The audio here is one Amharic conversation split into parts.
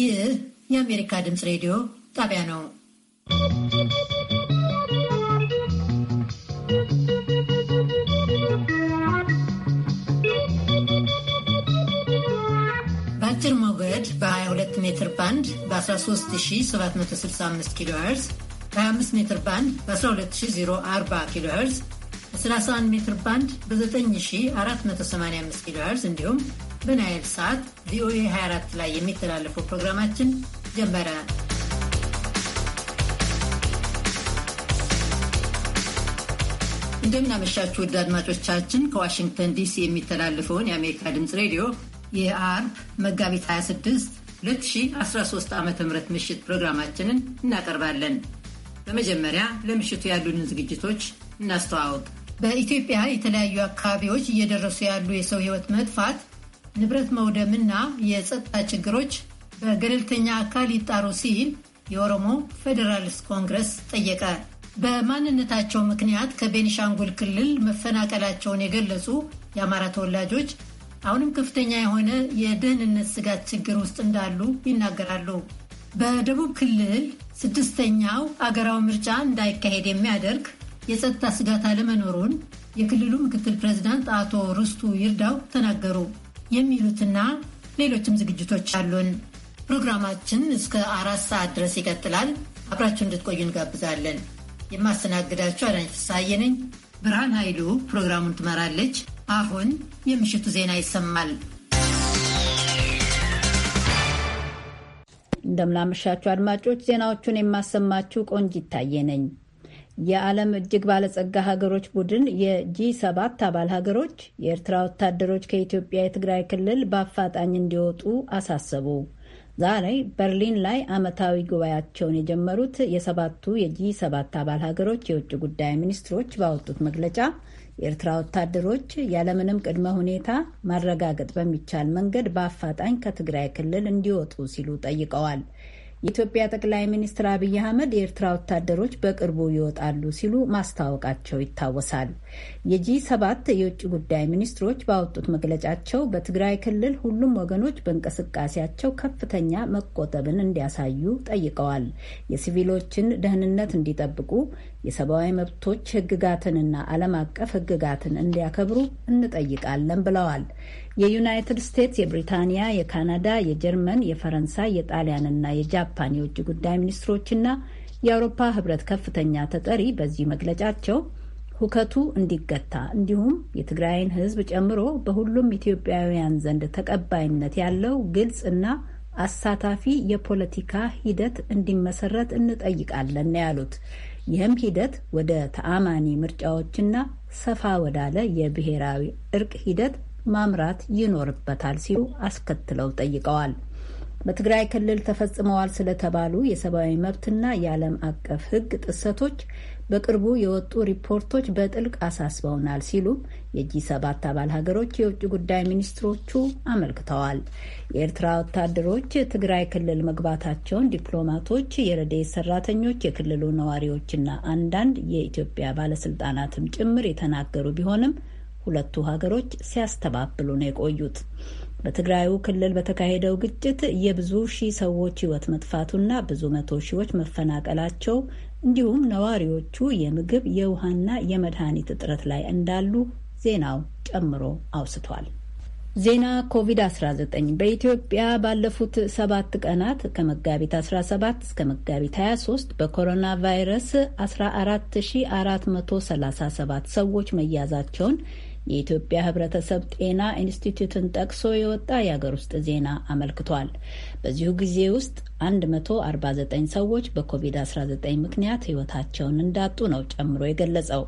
ይህ የአሜሪካ ድምፅ ሬዲዮ ጣቢያ ነው። በአጭር ሞገድ በ22 ሜትር ባንድ በ13765 ኪሎ ሄርዝ በ25 ሜትር ባንድ በ12040 ኪሎ ሄርዝ 31 ሜትር ባንድ በ9485 ኪሎ ሄርዝ እንዲሁም በናይል ሰዓት ቪኦኤ 24 ላይ የሚተላለፈው ፕሮግራማችን ጀመረ። እንደምናመሻችሁ ውድ አድማጮቻችን፣ ከዋሽንግተን ዲሲ የሚተላለፈውን የአሜሪካ ድምፅ ሬዲዮ የአርብ መጋቢት 26 2013 ዓ ም ምሽት ፕሮግራማችንን እናቀርባለን። በመጀመሪያ ለምሽቱ ያሉንን ዝግጅቶች እናስተዋወቅ። በኢትዮጵያ የተለያዩ አካባቢዎች እየደረሱ ያሉ የሰው ሕይወት መጥፋት፣ ንብረት መውደምና የጸጥታ ችግሮች በገለልተኛ አካል ይጣሩ ሲል የኦሮሞ ፌዴራልስ ኮንግረስ ጠየቀ። በማንነታቸው ምክንያት ከቤኒሻንጉል ክልል መፈናቀላቸውን የገለጹ የአማራ ተወላጆች አሁንም ከፍተኛ የሆነ የደህንነት ስጋት ችግር ውስጥ እንዳሉ ይናገራሉ። በደቡብ ክልል ስድስተኛው አገራዊ ምርጫ እንዳይካሄድ የሚያደርግ የጸጥታ ስጋት አለመኖሩን የክልሉ ምክትል ፕሬዚዳንት አቶ ርስቱ ይርዳው ተናገሩ። የሚሉትና ሌሎችም ዝግጅቶች አሉን። ፕሮግራማችን እስከ አራት ሰዓት ድረስ ይቀጥላል። አብራችሁ እንድትቆዩ እንጋብዛለን። የማስተናግዳችሁ አዳኝ ፍስሐዬ ነኝ። ብርሃን ኃይሉ ፕሮግራሙን ትመራለች። አሁን የምሽቱ ዜና ይሰማል። እንደምናመሻችሁ አድማጮች፣ ዜናዎቹን የማሰማችሁ ቆንጅ ይታየ ነኝ። የዓለም እጅግ ባለጸጋ ሀገሮች ቡድን የጂ ሰባት አባል ሀገሮች የኤርትራ ወታደሮች ከኢትዮጵያ የትግራይ ክልል በአፋጣኝ እንዲወጡ አሳሰቡ። ዛሬ በርሊን ላይ ዓመታዊ ጉባኤያቸውን የጀመሩት የሰባቱ የጂ ሰባት አባል ሀገሮች የውጭ ጉዳይ ሚኒስትሮች ባወጡት መግለጫ የኤርትራ ወታደሮች ያለምንም ቅድመ ሁኔታ ማረጋገጥ በሚቻል መንገድ በአፋጣኝ ከትግራይ ክልል እንዲወጡ ሲሉ ጠይቀዋል። የኢትዮጵያ ጠቅላይ ሚኒስትር አብይ አህመድ የኤርትራ ወታደሮች በቅርቡ ይወጣሉ ሲሉ ማስታወቃቸው ይታወሳል። የጂ ሰባት የውጭ ጉዳይ ሚኒስትሮች ባወጡት መግለጫቸው በትግራይ ክልል ሁሉም ወገኖች በእንቅስቃሴያቸው ከፍተኛ መቆጠብን እንዲያሳዩ ጠይቀዋል። የሲቪሎችን ደህንነት እንዲጠብቁ፣ የሰብአዊ መብቶች ህግጋትንና ዓለም አቀፍ ህግጋትን እንዲያከብሩ እንጠይቃለን ብለዋል። የዩናይትድ ስቴትስ፣ የብሪታንያ፣ የካናዳ፣ የጀርመን፣ የፈረንሳይ፣ የጣሊያንና የጃፓን የውጭ ጉዳይ ሚኒስትሮችና የአውሮፓ ህብረት ከፍተኛ ተጠሪ በዚህ መግለጫቸው ሁከቱ እንዲገታ እንዲሁም የትግራይን ህዝብ ጨምሮ በሁሉም ኢትዮጵያውያን ዘንድ ተቀባይነት ያለው ግልጽ እና አሳታፊ የፖለቲካ ሂደት እንዲመሰረት እንጠይቃለን ያሉት። ይህም ሂደት ወደ ተአማኒ ምርጫዎችና ሰፋ ወዳለ የብሔራዊ እርቅ ሂደት ማምራት ይኖርበታል ሲሉ አስከትለው ጠይቀዋል። በትግራይ ክልል ተፈጽመዋል ስለተባሉ የሰብአዊ መብትና የዓለም አቀፍ ሕግ ጥሰቶች በቅርቡ የወጡ ሪፖርቶች በጥልቅ አሳስበውናል ሲሉም የጂ ሰባት አባል ሀገሮች የውጭ ጉዳይ ሚኒስትሮቹ አመልክተዋል። የኤርትራ ወታደሮች ትግራይ ክልል መግባታቸውን ዲፕሎማቶች፣ የረድኤት ሰራተኞች፣ የክልሉ ነዋሪዎችና አንዳንድ የኢትዮጵያ ባለስልጣናትም ጭምር የተናገሩ ቢሆንም ሁለቱ ሀገሮች ሲያስተባብሉ ነው የቆዩት። በትግራዩ ክልል በተካሄደው ግጭት የብዙ ሺህ ሰዎች ህይወት መጥፋቱና ብዙ መቶ ሺዎች መፈናቀላቸው እንዲሁም ነዋሪዎቹ የምግብ የውሃና የመድኃኒት እጥረት ላይ እንዳሉ ዜናው ጨምሮ አውስቷል። ዜና ኮቪድ-19 በኢትዮጵያ ባለፉት ሰባት ቀናት ከመጋቢት 17 እስከ መጋቢት 23 በኮሮና ቫይረስ 14437 ሰዎች መያዛቸውን የኢትዮጵያ ሕብረተሰብ ጤና ኢንስቲትዩትን ጠቅሶ የወጣ የአገር ውስጥ ዜና አመልክቷል። በዚሁ ጊዜ ውስጥ 149 ሰዎች በኮቪድ-19 ምክንያት ሕይወታቸውን እንዳጡ ነው ጨምሮ የገለጸው።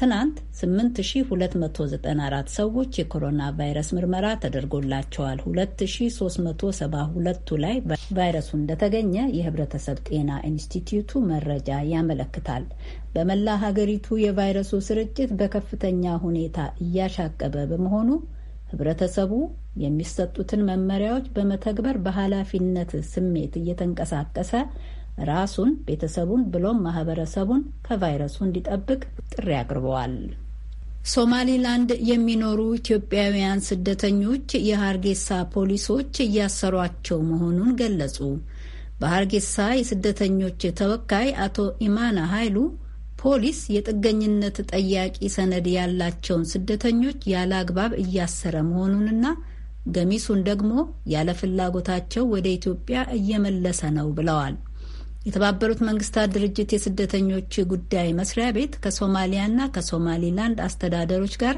ትናንት 8294 ሰዎች የኮሮና ቫይረስ ምርመራ ተደርጎላቸዋል። 2372ቱ ላይ ቫይረሱ እንደተገኘ የሕብረተሰብ ጤና ኢንስቲትዩቱ መረጃ ያመለክታል። በመላ ሀገሪቱ የቫይረሱ ስርጭት በከፍተኛ ሁኔታ እያሻቀበ በመሆኑ ህብረተሰቡ የሚሰጡትን መመሪያዎች በመተግበር በኃላፊነት ስሜት እየተንቀሳቀሰ ራሱን ቤተሰቡን ብሎም ማህበረሰቡን ከቫይረሱ እንዲጠብቅ ጥሪ አቅርበዋል። ሶማሊላንድ የሚኖሩ ኢትዮጵያውያን ስደተኞች የሀርጌሳ ፖሊሶች እያሰሯቸው መሆኑን ገለጹ። በሀርጌሳ የስደተኞች ተወካይ አቶ ኢማና ኃይሉ ፖሊስ የጥገኝነት ጠያቂ ሰነድ ያላቸውን ስደተኞች ያለ አግባብ እያሰረ መሆኑንና ገሚሱን ደግሞ ያለ ፍላጎታቸው ወደ ኢትዮጵያ እየመለሰ ነው ብለዋል። የተባበሩት መንግስታት ድርጅት የስደተኞች ጉዳይ መስሪያ ቤት ከሶማሊያና ከሶማሊላንድ አስተዳደሮች ጋር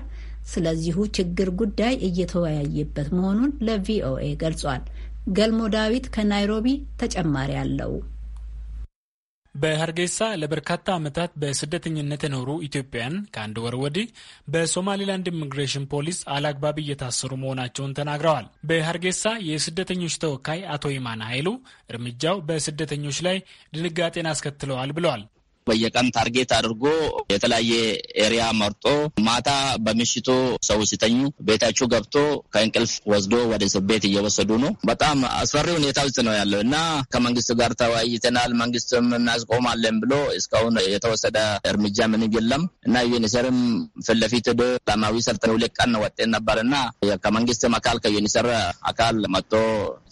ስለዚሁ ችግር ጉዳይ እየተወያየበት መሆኑን ለቪኦኤ ገልጿል። ገልሞ ዳዊት ከናይሮቢ ተጨማሪ አለው። በሀርጌሳ ለበርካታ ዓመታት በስደተኝነት የኖሩ ኢትዮጵያን ከአንድ ወር ወዲህ በሶማሌላንድ ኢሚግሬሽን ፖሊስ አላግባብ እየታሰሩ መሆናቸውን ተናግረዋል። በሀርጌሳ የስደተኞች ተወካይ አቶ ይማን ኃይሉ እርምጃው በስደተኞች ላይ ድንጋጤን አስከትለዋል ብለዋል። በየቀን ታርጌት አድርጎ የተለያየ ኤሪያ መርጦ ማታ በምሽቱ ሰው ሲተኙ ቤታችሁ ገብቶ ከእንቅልፍ ወስዶ ወደ እስር ቤት እየወሰዱ ነው። በጣም አስፈሪ ሁኔታ ውስጥ ነው ያለው እና ከመንግስት ጋር ተወያይተናል። መንግስትም እናስቆማለን ብሎ እስካሁን የተወሰደ እርምጃ ምንም የለም እና ዩኒሰርም ፊት ለፊት ዶ ጣማዊ ሰርተን ሁለት ቀን ወጤን ነበር እና ከመንግስትም አካል ከዩኒሰር አካል መጥቶ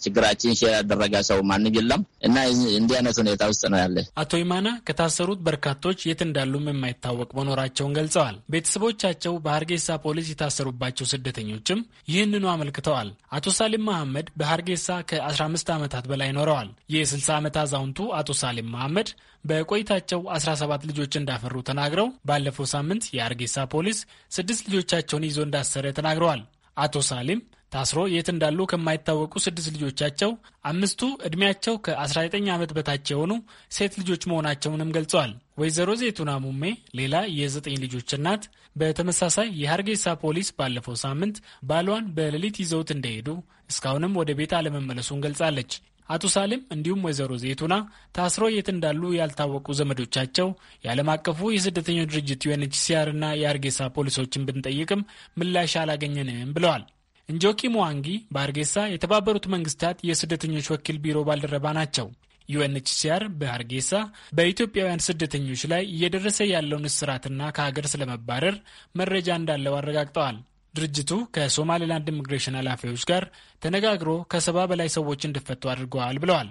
ችግራችን ያደረገ ሰው ማንም የለም እና እንዲህ አይነት ሁኔታ ውስጥ ነው ያለ አቶ ይማና ከታሰሩት የሞቱት በርካቶች የት እንዳሉም የማይታወቅ መኖራቸውን ገልጸዋል። ቤተሰቦቻቸው በሀርጌሳ ፖሊስ የታሰሩባቸው ስደተኞችም ይህንኑ አመልክተዋል። አቶ ሳሊም መሐመድ በሀርጌሳ ከ15 ዓመታት በላይ ኖረዋል። የ60 ዓመት አዛውንቱ አቶ ሳሊም መሐመድ በቆይታቸው 17 ልጆች እንዳፈሩ ተናግረው ባለፈው ሳምንት የሀርጌሳ ፖሊስ ስድስት ልጆቻቸውን ይዞ እንዳሰረ ተናግረዋል። አቶ ሳሊም ታስሮ የት እንዳሉ ከማይታወቁ ስድስት ልጆቻቸው አምስቱ ዕድሜያቸው ከ19 ዓመት በታች የሆኑ ሴት ልጆች መሆናቸውንም ገልጸዋል። ወይዘሮ ዜቱና ሙሜ ሌላ የዘጠኝ ልጆች እናት በተመሳሳይ የሀርጌሳ ፖሊስ ባለፈው ሳምንት ባሏን በሌሊት ይዘውት እንደሄዱ እስካሁንም ወደ ቤት አለመመለሱን ገልጻለች። አቶ ሳሌም እንዲሁም ወይዘሮ ዜቱና ታስሮ የት እንዳሉ ያልታወቁ ዘመዶቻቸው የዓለም አቀፉ የስደተኞች ድርጅት ዩኤንኤችሲአር እና የሀርጌሳ ፖሊሶችን ብንጠይቅም ምላሽ አላገኘንም ብለዋል። እንጆኪ ሙዋንጊ በአርጌሳ የተባበሩት መንግስታት የስደተኞች ወኪል ቢሮ ባልደረባ ናቸው። ዩኤንኤችሲአር በአርጌሳ በኢትዮጵያውያን ስደተኞች ላይ እየደረሰ ያለውን እስራትና ከሀገር ስለመባረር መረጃ እንዳለው አረጋግጠዋል። ድርጅቱ ከሶማሌላንድ ኢሚግሬሽን ኃላፊዎች ጋር ተነጋግሮ ከሰባ በላይ ሰዎች እንዲፈቱ አድርገዋል ብለዋል።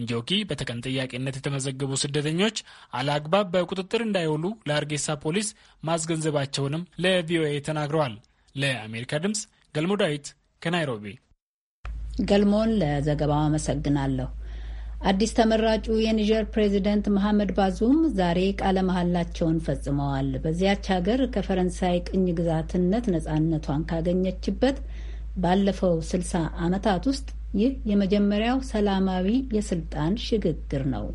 እንጆኪ በተቀን ጥያቄነት የተመዘገቡ ስደተኞች አለአግባብ በቁጥጥር እንዳይውሉ ለአርጌሳ ፖሊስ ማስገንዘባቸውንም ለቪኦኤ ተናግረዋል። ለአሜሪካ ድምፅ ገልሞ ዳዊት ከናይሮቢ። ገልሞን ለዘገባው አመሰግናለሁ። አዲስ ተመራጩ የኒጀር ፕሬዚደንት መሐመድ ባዙም ዛሬ ቃለ መሐላቸውን ፈጽመዋል። በዚያች ሀገር ከፈረንሳይ ቅኝ ግዛትነት ነጻነቷን ካገኘችበት ባለፈው ስልሳ ዓመታት ውስጥ ይህ የመጀመሪያው ሰላማዊ የስልጣን ሽግግር ነው።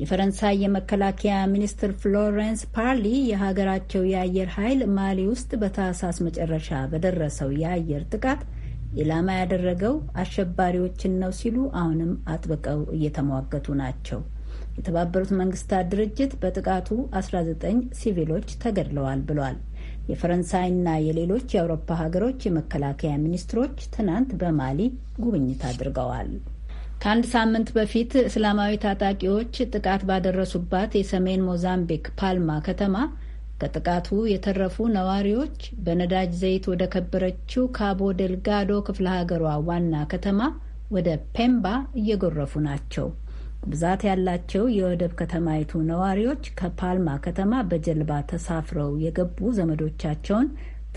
የፈረንሳይ የመከላከያ ሚኒስትር ፍሎረንስ ፓርሊ የሀገራቸው የአየር ኃይል ማሊ ውስጥ በታህሳስ መጨረሻ በደረሰው የአየር ጥቃት ኢላማ ያደረገው አሸባሪዎችን ነው ሲሉ አሁንም አጥብቀው እየተሟገቱ ናቸው። የተባበሩት መንግስታት ድርጅት በጥቃቱ 19 ሲቪሎች ተገድለዋል ብሏል። የፈረንሳይና የሌሎች የአውሮፓ ሀገሮች የመከላከያ ሚኒስትሮች ትናንት በማሊ ጉብኝት አድርገዋል። ከአንድ ሳምንት በፊት እስላማዊ ታጣቂዎች ጥቃት ባደረሱባት የሰሜን ሞዛምቢክ ፓልማ ከተማ ከጥቃቱ የተረፉ ነዋሪዎች በነዳጅ ዘይት ወደ ከበረችው ካቦ ደልጋዶ ክፍለ ሀገሯ ዋና ከተማ ወደ ፔምባ እየጎረፉ ናቸው። ብዛት ያላቸው የወደብ ከተማይቱ ነዋሪዎች ከፓልማ ከተማ በጀልባ ተሳፍረው የገቡ ዘመዶቻቸውን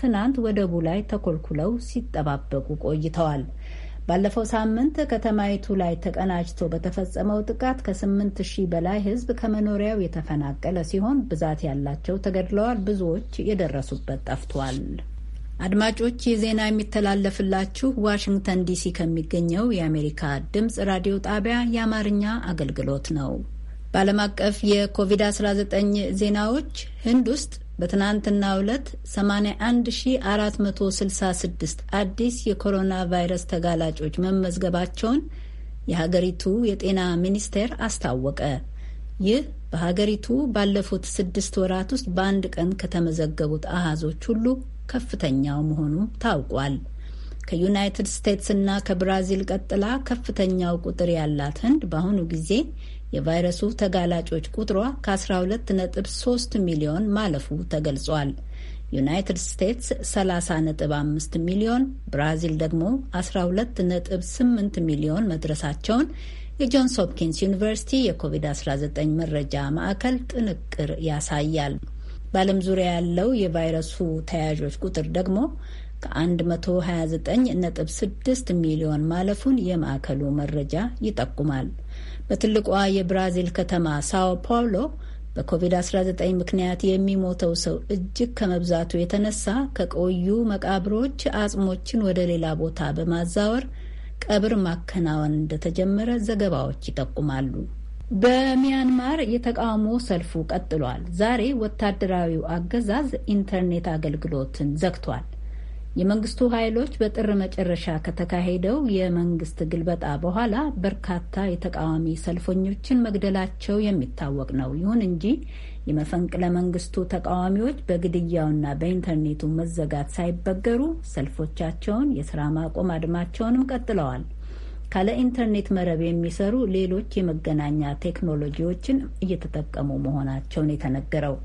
ትናንት ወደቡ ላይ ተኮልኩለው ሲጠባበቁ ቆይተዋል። ባለፈው ሳምንት ከተማይቱ ላይ ተቀናጅቶ በተፈጸመው ጥቃት ከስምንት ሺህ በላይ ህዝብ ከመኖሪያው የተፈናቀለ ሲሆን ብዛት ያላቸው ተገድለዋል፣ ብዙዎች የደረሱበት ጠፍቷል። አድማጮች የዜና ዜና የሚተላለፍላችሁ ዋሽንግተን ዲሲ ከሚገኘው የአሜሪካ ድምፅ ራዲዮ ጣቢያ የአማርኛ አገልግሎት ነው። በዓለም አቀፍ የኮቪድ-19 ዜናዎች ህንድ ውስጥ በትናንትናው ዕለት 81466 አዲስ የኮሮና ቫይረስ ተጋላጮች መመዝገባቸውን የሀገሪቱ የጤና ሚኒስቴር አስታወቀ። ይህ በሀገሪቱ ባለፉት ስድስት ወራት ውስጥ በአንድ ቀን ከተመዘገቡት አሃዞች ሁሉ ከፍተኛው መሆኑ ታውቋል። ከዩናይትድ ስቴትስ እና ከብራዚል ቀጥላ ከፍተኛው ቁጥር ያላት ህንድ በአሁኑ ጊዜ የቫይረሱ ተጋላጮች ቁጥሯ ከ12.3 ሚሊዮን ማለፉ ተገልጿል። ዩናይትድ ስቴትስ 30.5 ሚሊዮን፣ ብራዚል ደግሞ 12.8 ሚሊዮን መድረሳቸውን የጆንስ ሆፕኪንስ ዩኒቨርሲቲ የኮቪድ-19 መረጃ ማዕከል ጥንቅር ያሳያል። በዓለም ዙሪያ ያለው የቫይረሱ ተያዦች ቁጥር ደግሞ ከ129.6 ሚሊዮን ማለፉን የማዕከሉ መረጃ ይጠቁማል። በትልቋ የብራዚል ከተማ ሳኦ ፓውሎ በኮቪድ-19 ምክንያት የሚሞተው ሰው እጅግ ከመብዛቱ የተነሳ ከቆዩ መቃብሮች አጽሞችን ወደ ሌላ ቦታ በማዛወር ቀብር ማከናወን እንደተጀመረ ዘገባዎች ይጠቁማሉ። በሚያንማር የተቃውሞ ሰልፉ ቀጥሏል። ዛሬ ወታደራዊው አገዛዝ ኢንተርኔት አገልግሎትን ዘግቷል። የመንግስቱ ኃይሎች በጥር መጨረሻ ከተካሄደው የመንግስት ግልበጣ በኋላ በርካታ የተቃዋሚ ሰልፈኞችን መግደላቸው የሚታወቅ ነው። ይሁን እንጂ የመፈንቅለ መንግስቱ ተቃዋሚዎች በግድያውና በኢንተርኔቱ መዘጋት ሳይበገሩ ሰልፎቻቸውን፣ የስራ ማቆም አድማቸውንም ቀጥለዋል። ካለ ኢንተርኔት መረብ የሚሰሩ ሌሎች የመገናኛ ቴክኖሎጂዎችን እየተጠቀሙ መሆናቸውን የተነገረው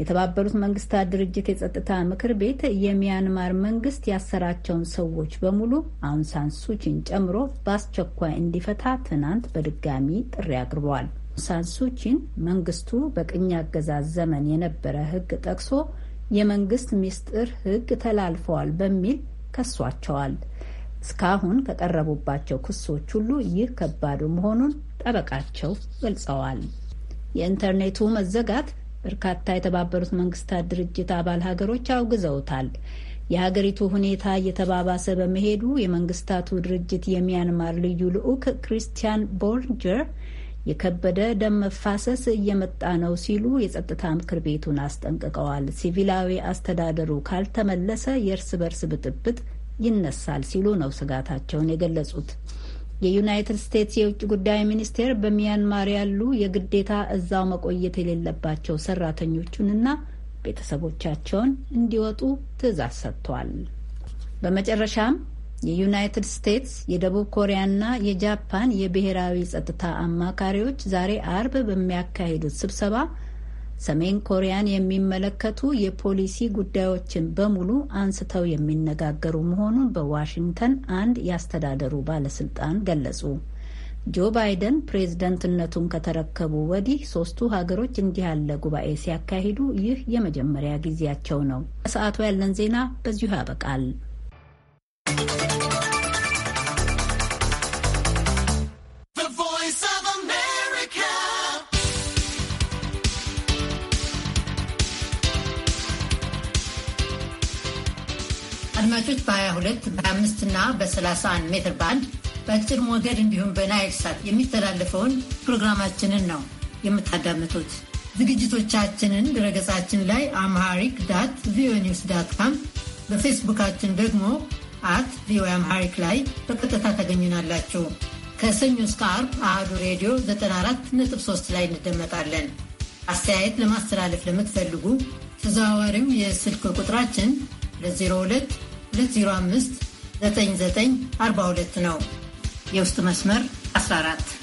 የተባበሩት መንግስታት ድርጅት የጸጥታ ምክር ቤት የሚያንማር መንግስት ያሰራቸውን ሰዎች በሙሉ አውንሳን ሱቺን ጨምሮ በአስቸኳይ እንዲፈታ ትናንት በድጋሚ ጥሪ አቅርበዋል። አውንሳን መንግስቱ በቅኝ አገዛዝ ዘመን የነበረ ህግ ጠቅሶ የመንግስት ሚስጥር ሕግ ተላልፈዋል በሚል ከሷቸዋል። እስካሁን ከቀረቡባቸው ክሶች ሁሉ ይህ ከባዱ መሆኑን ጠበቃቸው ገልጸዋል። የኢንተርኔቱ መዘጋት በርካታ የተባበሩት መንግስታት ድርጅት አባል ሀገሮች አውግዘውታል። የሀገሪቱ ሁኔታ እየተባባሰ በመሄዱ የመንግስታቱ ድርጅት የሚያንማር ልዩ ልዑክ ክሪስቲያን ቦልጀር የከበደ ደም መፋሰስ እየመጣ ነው ሲሉ የጸጥታ ምክር ቤቱን አስጠንቅቀዋል። ሲቪላዊ አስተዳደሩ ካልተመለሰ የእርስ በርስ ብጥብጥ ይነሳል ሲሉ ነው ስጋታቸውን የገለጹት። የዩናይትድ ስቴትስ የውጭ ጉዳይ ሚኒስቴር በሚያንማር ያሉ የግዴታ እዛው መቆየት የሌለባቸው ሰራተኞቹንና ቤተሰቦቻቸውን እንዲወጡ ትዕዛዝ ሰጥቷል። በመጨረሻም የዩናይትድ ስቴትስ የደቡብ ኮሪያና የጃፓን የብሔራዊ ጸጥታ አማካሪዎች ዛሬ አርብ በሚያካሂዱት ስብሰባ ሰሜን ኮሪያን የሚመለከቱ የፖሊሲ ጉዳዮችን በሙሉ አንስተው የሚነጋገሩ መሆኑን በዋሽንግተን አንድ ያስተዳደሩ ባለስልጣን ገለጹ። ጆ ባይደን ፕሬዝደንትነቱን ከተረከቡ ወዲህ ሶስቱ ሀገሮች እንዲህ ያለ ጉባኤ ሲያካሂዱ ይህ የመጀመሪያ ጊዜያቸው ነው። ለሰዓቱ ያለን ዜና በዚሁ ያበቃል። በፊት በ22 በ25 እና በ31 ሜትር ባንድ በአጭር ሞገድ እንዲሁም በናይል ሳት የሚተላለፈውን ፕሮግራማችንን ነው የምታዳምጡት። ዝግጅቶቻችንን ድረገጻችን ላይ አምሃሪክ ዳት ቪኦኤ ኒውስ ዳት ካም፣ በፌስቡካችን ደግሞ አት ቪኦኤ አምሃሪክ ላይ በቀጥታ ታገኙናላችሁ። ከሰኞ እስከ ዓርብ አህዱ ሬዲዮ 94.3 ላይ እንደመጣለን። አስተያየት ለማስተላለፍ ለምትፈልጉ ተዘዋዋሪው የስልክ ቁጥራችን ለ02 205 9942 ነው። የውስጥ መስመር 14።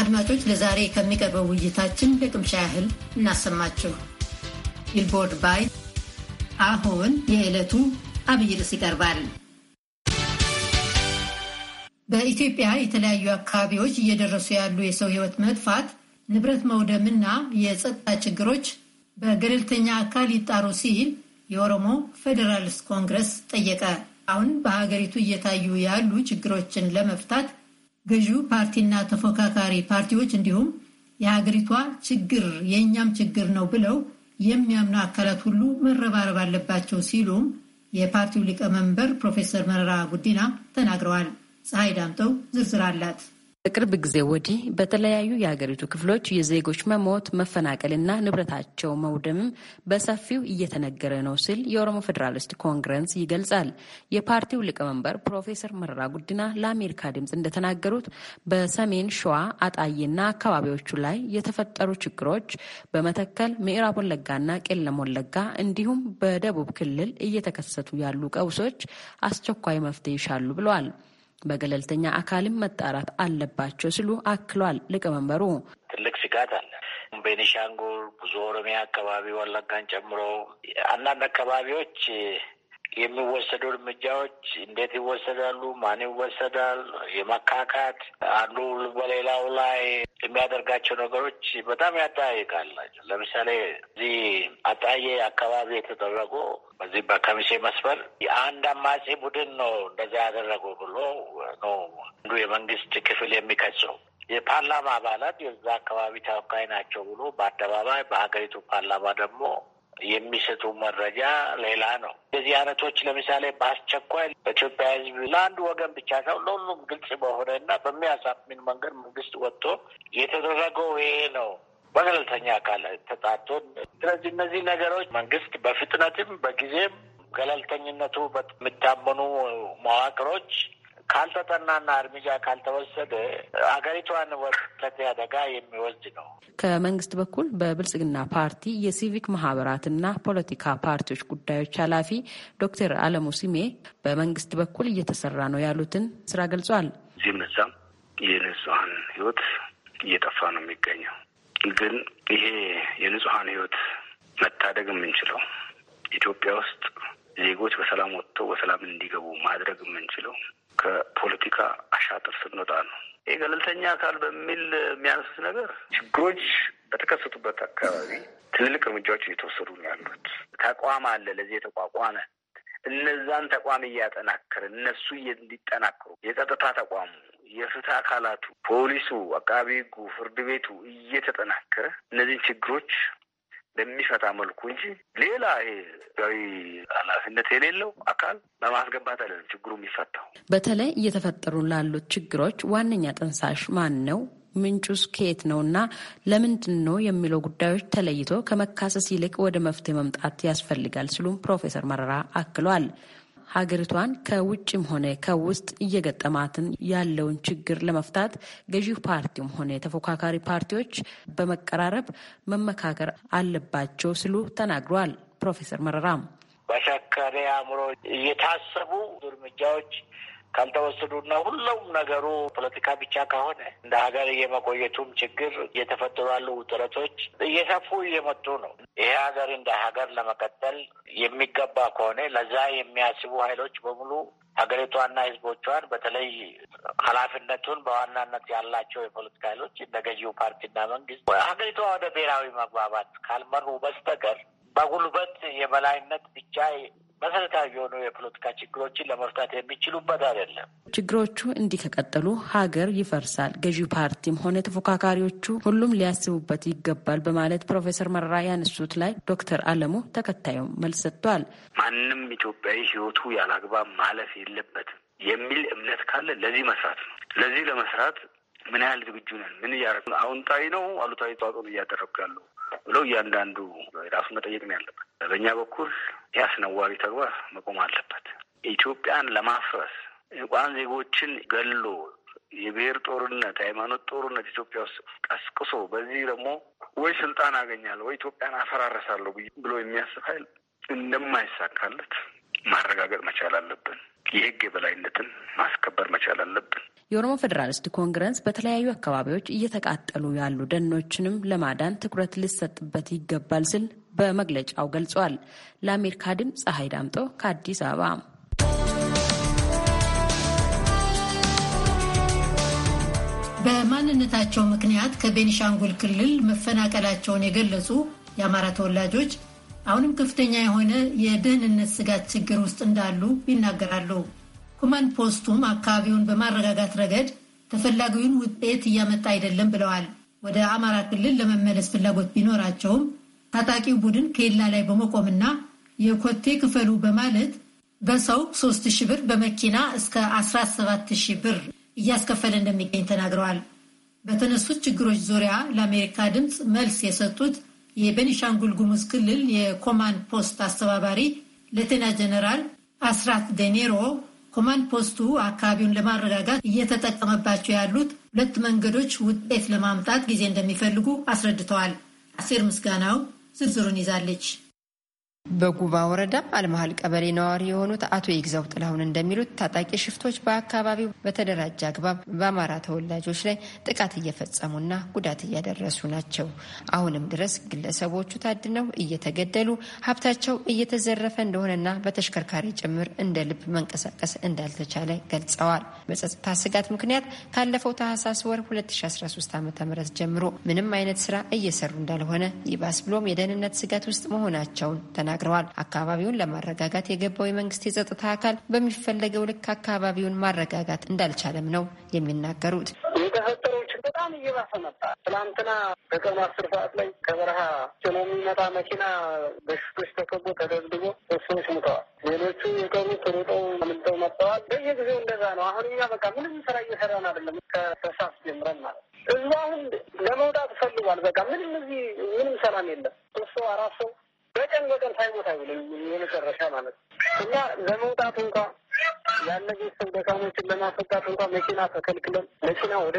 አድማጮች ለዛሬ ከሚቀርበው ውይይታችን ለቅምሻ ያህል እናሰማችሁ። ቢልቦርድ ባይ አሁን የዕለቱ አብይ ርዕስ ይቀርባል። በኢትዮጵያ የተለያዩ አካባቢዎች እየደረሱ ያሉ የሰው ህይወት መጥፋት፣ ንብረት መውደምና የጸጥታ ችግሮች በገለልተኛ አካል ይጣሩ ሲል የኦሮሞ ፌዴራልስ ኮንግረስ ጠየቀ። አሁን በሀገሪቱ እየታዩ ያሉ ችግሮችን ለመፍታት ገዢው ፓርቲና ተፎካካሪ ፓርቲዎች እንዲሁም የሀገሪቷ ችግር የእኛም ችግር ነው ብለው የሚያምኑ አካላት ሁሉ መረባረብ አለባቸው ሲሉም የፓርቲው ሊቀመንበር ፕሮፌሰር መረራ ጉዲና ተናግረዋል። ፀሐይ ዳምጠው ዝርዝር አላት። ከቅርብ ጊዜ ወዲህ በተለያዩ የሀገሪቱ ክፍሎች የዜጎች መሞት፣ መፈናቀልና ንብረታቸው መውደምም በሰፊው እየተነገረ ነው ሲል የኦሮሞ ፌዴራሊስት ኮንግረስ ይገልጻል። የፓርቲው ሊቀመንበር ፕሮፌሰር መረራ ጉዲና ለአሜሪካ ድምፅ እንደተናገሩት በሰሜን ሸዋ አጣዬና አካባቢዎቹ ላይ የተፈጠሩ ችግሮች በመተከል ምዕራብ ወለጋና ቄለም ወለጋ እንዲሁም በደቡብ ክልል እየተከሰቱ ያሉ ቀውሶች አስቸኳይ መፍትሄ ይሻሉ ብለዋል። በገለልተኛ አካልም መጣራት አለባቸው ሲሉ አክሏል ሊቀመንበሩ። ትልቅ ስጋት አለ። ቤኒሻንጉል፣ ብዙ ኦሮሚያ አካባቢ፣ ወለጋን ጨምሮ አንዳንድ አካባቢዎች የሚወሰዱ እርምጃዎች እንዴት ይወሰዳሉ? ማን ይወሰዳል? የመካካት አንዱ በሌላው ላይ የሚያደርጋቸው ነገሮች በጣም ያጠያይቃል። ለምሳሌ እዚህ አጣዬ አካባቢ የተደረጉ በዚህ በከሚሴ መስመር የአንድ አማጺ ቡድን ነው እንደዛ ያደረጉ ብሎ ነው አንዱ የመንግስት ክፍል የሚከሰው። የፓርላማ አባላት የዛ አካባቢ ተወካይ ናቸው ብሎ በአደባባይ በሀገሪቱ ፓርላማ ደግሞ የሚሰጡ መረጃ ሌላ ነው። እንደዚህ አይነቶች ለምሳሌ በአስቸኳይ በኢትዮጵያ ሕዝብ ለአንድ ወገን ብቻ ሳይሆን ለሁሉም ግልጽ በሆነ እና በሚያሳምን መንገድ መንግስት ወጥቶ የተደረገው ይሄ ነው በገለልተኛ አካል ተጣርቶ። ስለዚህ እነዚህ ነገሮች መንግስት በፍጥነትም በጊዜም ገለልተኝነቱ በሚታመኑ መዋቅሮች ካልተጠናና እርምጃ ካልተወሰደ አገሪቷን ወደ አደጋ የሚወስድ ነው። ከመንግስት በኩል በብልጽግና ፓርቲ የሲቪክ ማህበራትና ፖለቲካ ፓርቲዎች ጉዳዮች ኃላፊ ዶክተር አለሙ ሲሜ በመንግስት በኩል እየተሰራ ነው ያሉትን ስራ ገልጿል። እዚህም እዛም የንጹሀን ህይወት እየጠፋ ነው የሚገኘው። ግን ይሄ የንጹሀን ህይወት መታደግ የምንችለው ኢትዮጵያ ውስጥ ዜጎች በሰላም ወጥተው በሰላም እንዲገቡ ማድረግ የምንችለው ከፖለቲካ አሻጥር ስንወጣ ነው። ይህ ገለልተኛ አካል በሚል የሚያነሱት ነገር ችግሮች በተከሰቱበት አካባቢ ትልልቅ እርምጃዎች እየተወሰዱ ነው ያሉት። ተቋም አለ ለዚህ የተቋቋመ እነዛን ተቋም እያጠናከረ እነሱ እንዲጠናክሩ የጸጥታ ተቋሙ የፍትህ አካላቱ ፖሊሱ፣ አቃቢ ህጉ፣ ፍርድ ቤቱ እየተጠናከረ እነዚህን ችግሮች በሚፈታ መልኩ እንጂ ሌላ ይሄ ኃላፊነት የሌለው አካል በማስገባት አይደለም ችግሩ የሚፈታው። በተለይ እየተፈጠሩ ላሉት ችግሮች ዋነኛ ጠንሳሽ ማን ነው? ምንጩስ ከየት ነው እና ለምንድን ነው የሚለው ጉዳዮች ተለይቶ ከመካሰስ ይልቅ ወደ መፍትሄ መምጣት ያስፈልጋል ሲሉም ፕሮፌሰር መረራ አክለዋል። ሀገሪቷን ከውጭም ሆነ ከውስጥ እየገጠማትን ያለውን ችግር ለመፍታት ገዢው ፓርቲም ሆነ ተፎካካሪ ፓርቲዎች በመቀራረብ መመካከር አለባቸው ሲሉ ተናግሯል ፕሮፌሰር መረራም በሸከሌ አእምሮ እየታሰቡ እርምጃዎች ካልተወሰዱና ሁሉም ነገሩ ፖለቲካ ብቻ ከሆነ እንደ ሀገር የመቆየቱም ችግር እየተፈጠሩ ያሉ ውጥረቶች እየሰፉ እየመጡ ነው። ይሄ ሀገር እንደ ሀገር ለመቀጠል የሚገባ ከሆነ ለዛ የሚያስቡ ኃይሎች በሙሉ ሀገሪቷና ሕዝቦቿን በተለይ ኃላፊነቱን በዋናነት ያላቸው የፖለቲካ ኃይሎች እንደ ገዢው ፓርቲና መንግስት ሀገሪቷ ወደ ብሔራዊ መግባባት ካልመሩ በስተቀር በጉልበት የበላይነት ብቻ መሰረታዊ የሆኑ የፖለቲካ ችግሮችን ለመፍታት የሚችሉበት አይደለም። ችግሮቹ እንዲህ ከቀጠሉ ሀገር ይፈርሳል። ገዢ ፓርቲም ሆነ ተፎካካሪዎቹ ሁሉም ሊያስቡበት ይገባል በማለት ፕሮፌሰር መረራ ያነሱት ላይ ዶክተር አለሙ ተከታዩ መልስ ሰጥቷል። ማንም ኢትዮጵያዊ ህይወቱ ያላግባብ ማለፍ የለበትም የሚል እምነት ካለ ለዚህ መስራት ነው። ለዚህ ለመስራት ምን ያህል ዝግጁ ነን? ምን እያደረግ አዎንታዊ ነው አሉታዊ ተዋጽኦን እያደረጉ ያለው ብሎ እያንዳንዱ የራሱ መጠየቅ ነው ያለበት። በእኛ በኩል ይህ አስነዋሪ ተግባር መቆም አለበት። ኢትዮጵያን ለማፍረስ እንኳን ዜጎችን ገሎ የብሔር ጦርነት፣ የሃይማኖት ጦርነት ኢትዮጵያ ውስጥ ቀስቅሶ በዚህ ደግሞ ወይ ስልጣን አገኛለሁ ወይ ኢትዮጵያን አፈራረሳለሁ ብሎ የሚያስብ ኃይል እንደማይሳካለት ማረጋገጥ መቻል አለብን። የህግ የበላይነትን ማስከበር መቻል አለብን። የኦሮሞ ፌዴራሊስት ኮንግረስ በተለያዩ አካባቢዎች እየተቃጠሉ ያሉ ደኖችንም ለማዳን ትኩረት ሊሰጥበት ይገባል ሲል በመግለጫው ገልጿል። ለአሜሪካ ድምፅ ፀሐይ ዳምጦ ከአዲስ አበባ። በማንነታቸው ምክንያት ከቤኒሻንጉል ክልል መፈናቀላቸውን የገለጹ የአማራ ተወላጆች አሁንም ከፍተኛ የሆነ የደህንነት ስጋት ችግር ውስጥ እንዳሉ ይናገራሉ። ኮማንድ ፖስቱም አካባቢውን በማረጋጋት ረገድ ተፈላጊውን ውጤት እያመጣ አይደለም ብለዋል። ወደ አማራ ክልል ለመመለስ ፍላጎት ቢኖራቸውም ታጣቂው ቡድን ኬላ ላይ በመቆምና የኮቴ ክፈሉ በማለት በሰው 3000 ብር በመኪና እስከ 17ሺህ ብር እያስከፈለ እንደሚገኝ ተናግረዋል። በተነሱት ችግሮች ዙሪያ ለአሜሪካ ድምፅ መልስ የሰጡት የቤኒሻንጉል ጉሙዝ ክልል የኮማንድ ፖስት አስተባባሪ ሌተና ጀነራል አስራት ደኔሮ ኮማንድ ፖስቱ አካባቢውን ለማረጋጋት እየተጠቀመባቸው ያሉት ሁለት መንገዶች ውጤት ለማምጣት ጊዜ እንደሚፈልጉ አስረድተዋል። አሴር ምስጋናው ዝርዝሩን ይዛለች። በጉባ ወረዳ አልመሀል ቀበሌ ነዋሪ የሆኑት አቶ ይግዛው ጥላሁን እንደሚሉት ታጣቂ ሽፍቶች በአካባቢው በተደራጀ አግባብ በአማራ ተወላጆች ላይ ጥቃት እየፈጸሙና ጉዳት እያደረሱ ናቸው። አሁንም ድረስ ግለሰቦቹ ታድነው እየተገደሉ ሀብታቸው እየተዘረፈ እንደሆነና በተሽከርካሪ ጭምር እንደ ልብ መንቀሳቀስ እንዳልተቻለ ገልጸዋል። በጸጥታ ስጋት ምክንያት ካለፈው ታህሳስ ወር 2013 ዓ ም ጀምሮ ምንም አይነት ስራ እየሰሩ እንዳልሆነ ይባስ ብሎም የደህንነት ስጋት ውስጥ መሆናቸውን ተናግረዋል። ተናግረዋል። አካባቢውን ለማረጋጋት የገባው የመንግስት የጸጥታ አካል በሚፈለገው ልክ አካባቢውን ማረጋጋት እንዳልቻለም ነው የሚናገሩት። በጣም እየባሰ መጣ። ትናንትና በቀኑ አስር ሰዓት ላይ ከበረሃ ጭኖ የሚመጣ መኪና በሽቶች ተከቦ ተደርድቦ ሰዎች ሙተዋል። ሌሎቹ የቀሩት ሩጠው ምንጠው መጥተዋል። በየጊዜው እንደዛ ነው። አሁን እኛ በቃ ምንም ስራ እየሰራን አይደለም። ከሰሳስ ጀምረን ማለት እዙ አሁን ለመውጣት ፈልጓል። በቃ ምንም እዚህ ምንም ሰላም የለም። ሶስት ሰው አራት ሰው በቀን በቀን ሳይሞት አይውልም የመጨረሻ ማለት ነው እና ለመውጣት እንኳ ያለ ቤተሰብ ደካሞችን ለማስወጣት እንኳን መኪና ተከልክለን መኪና ወደ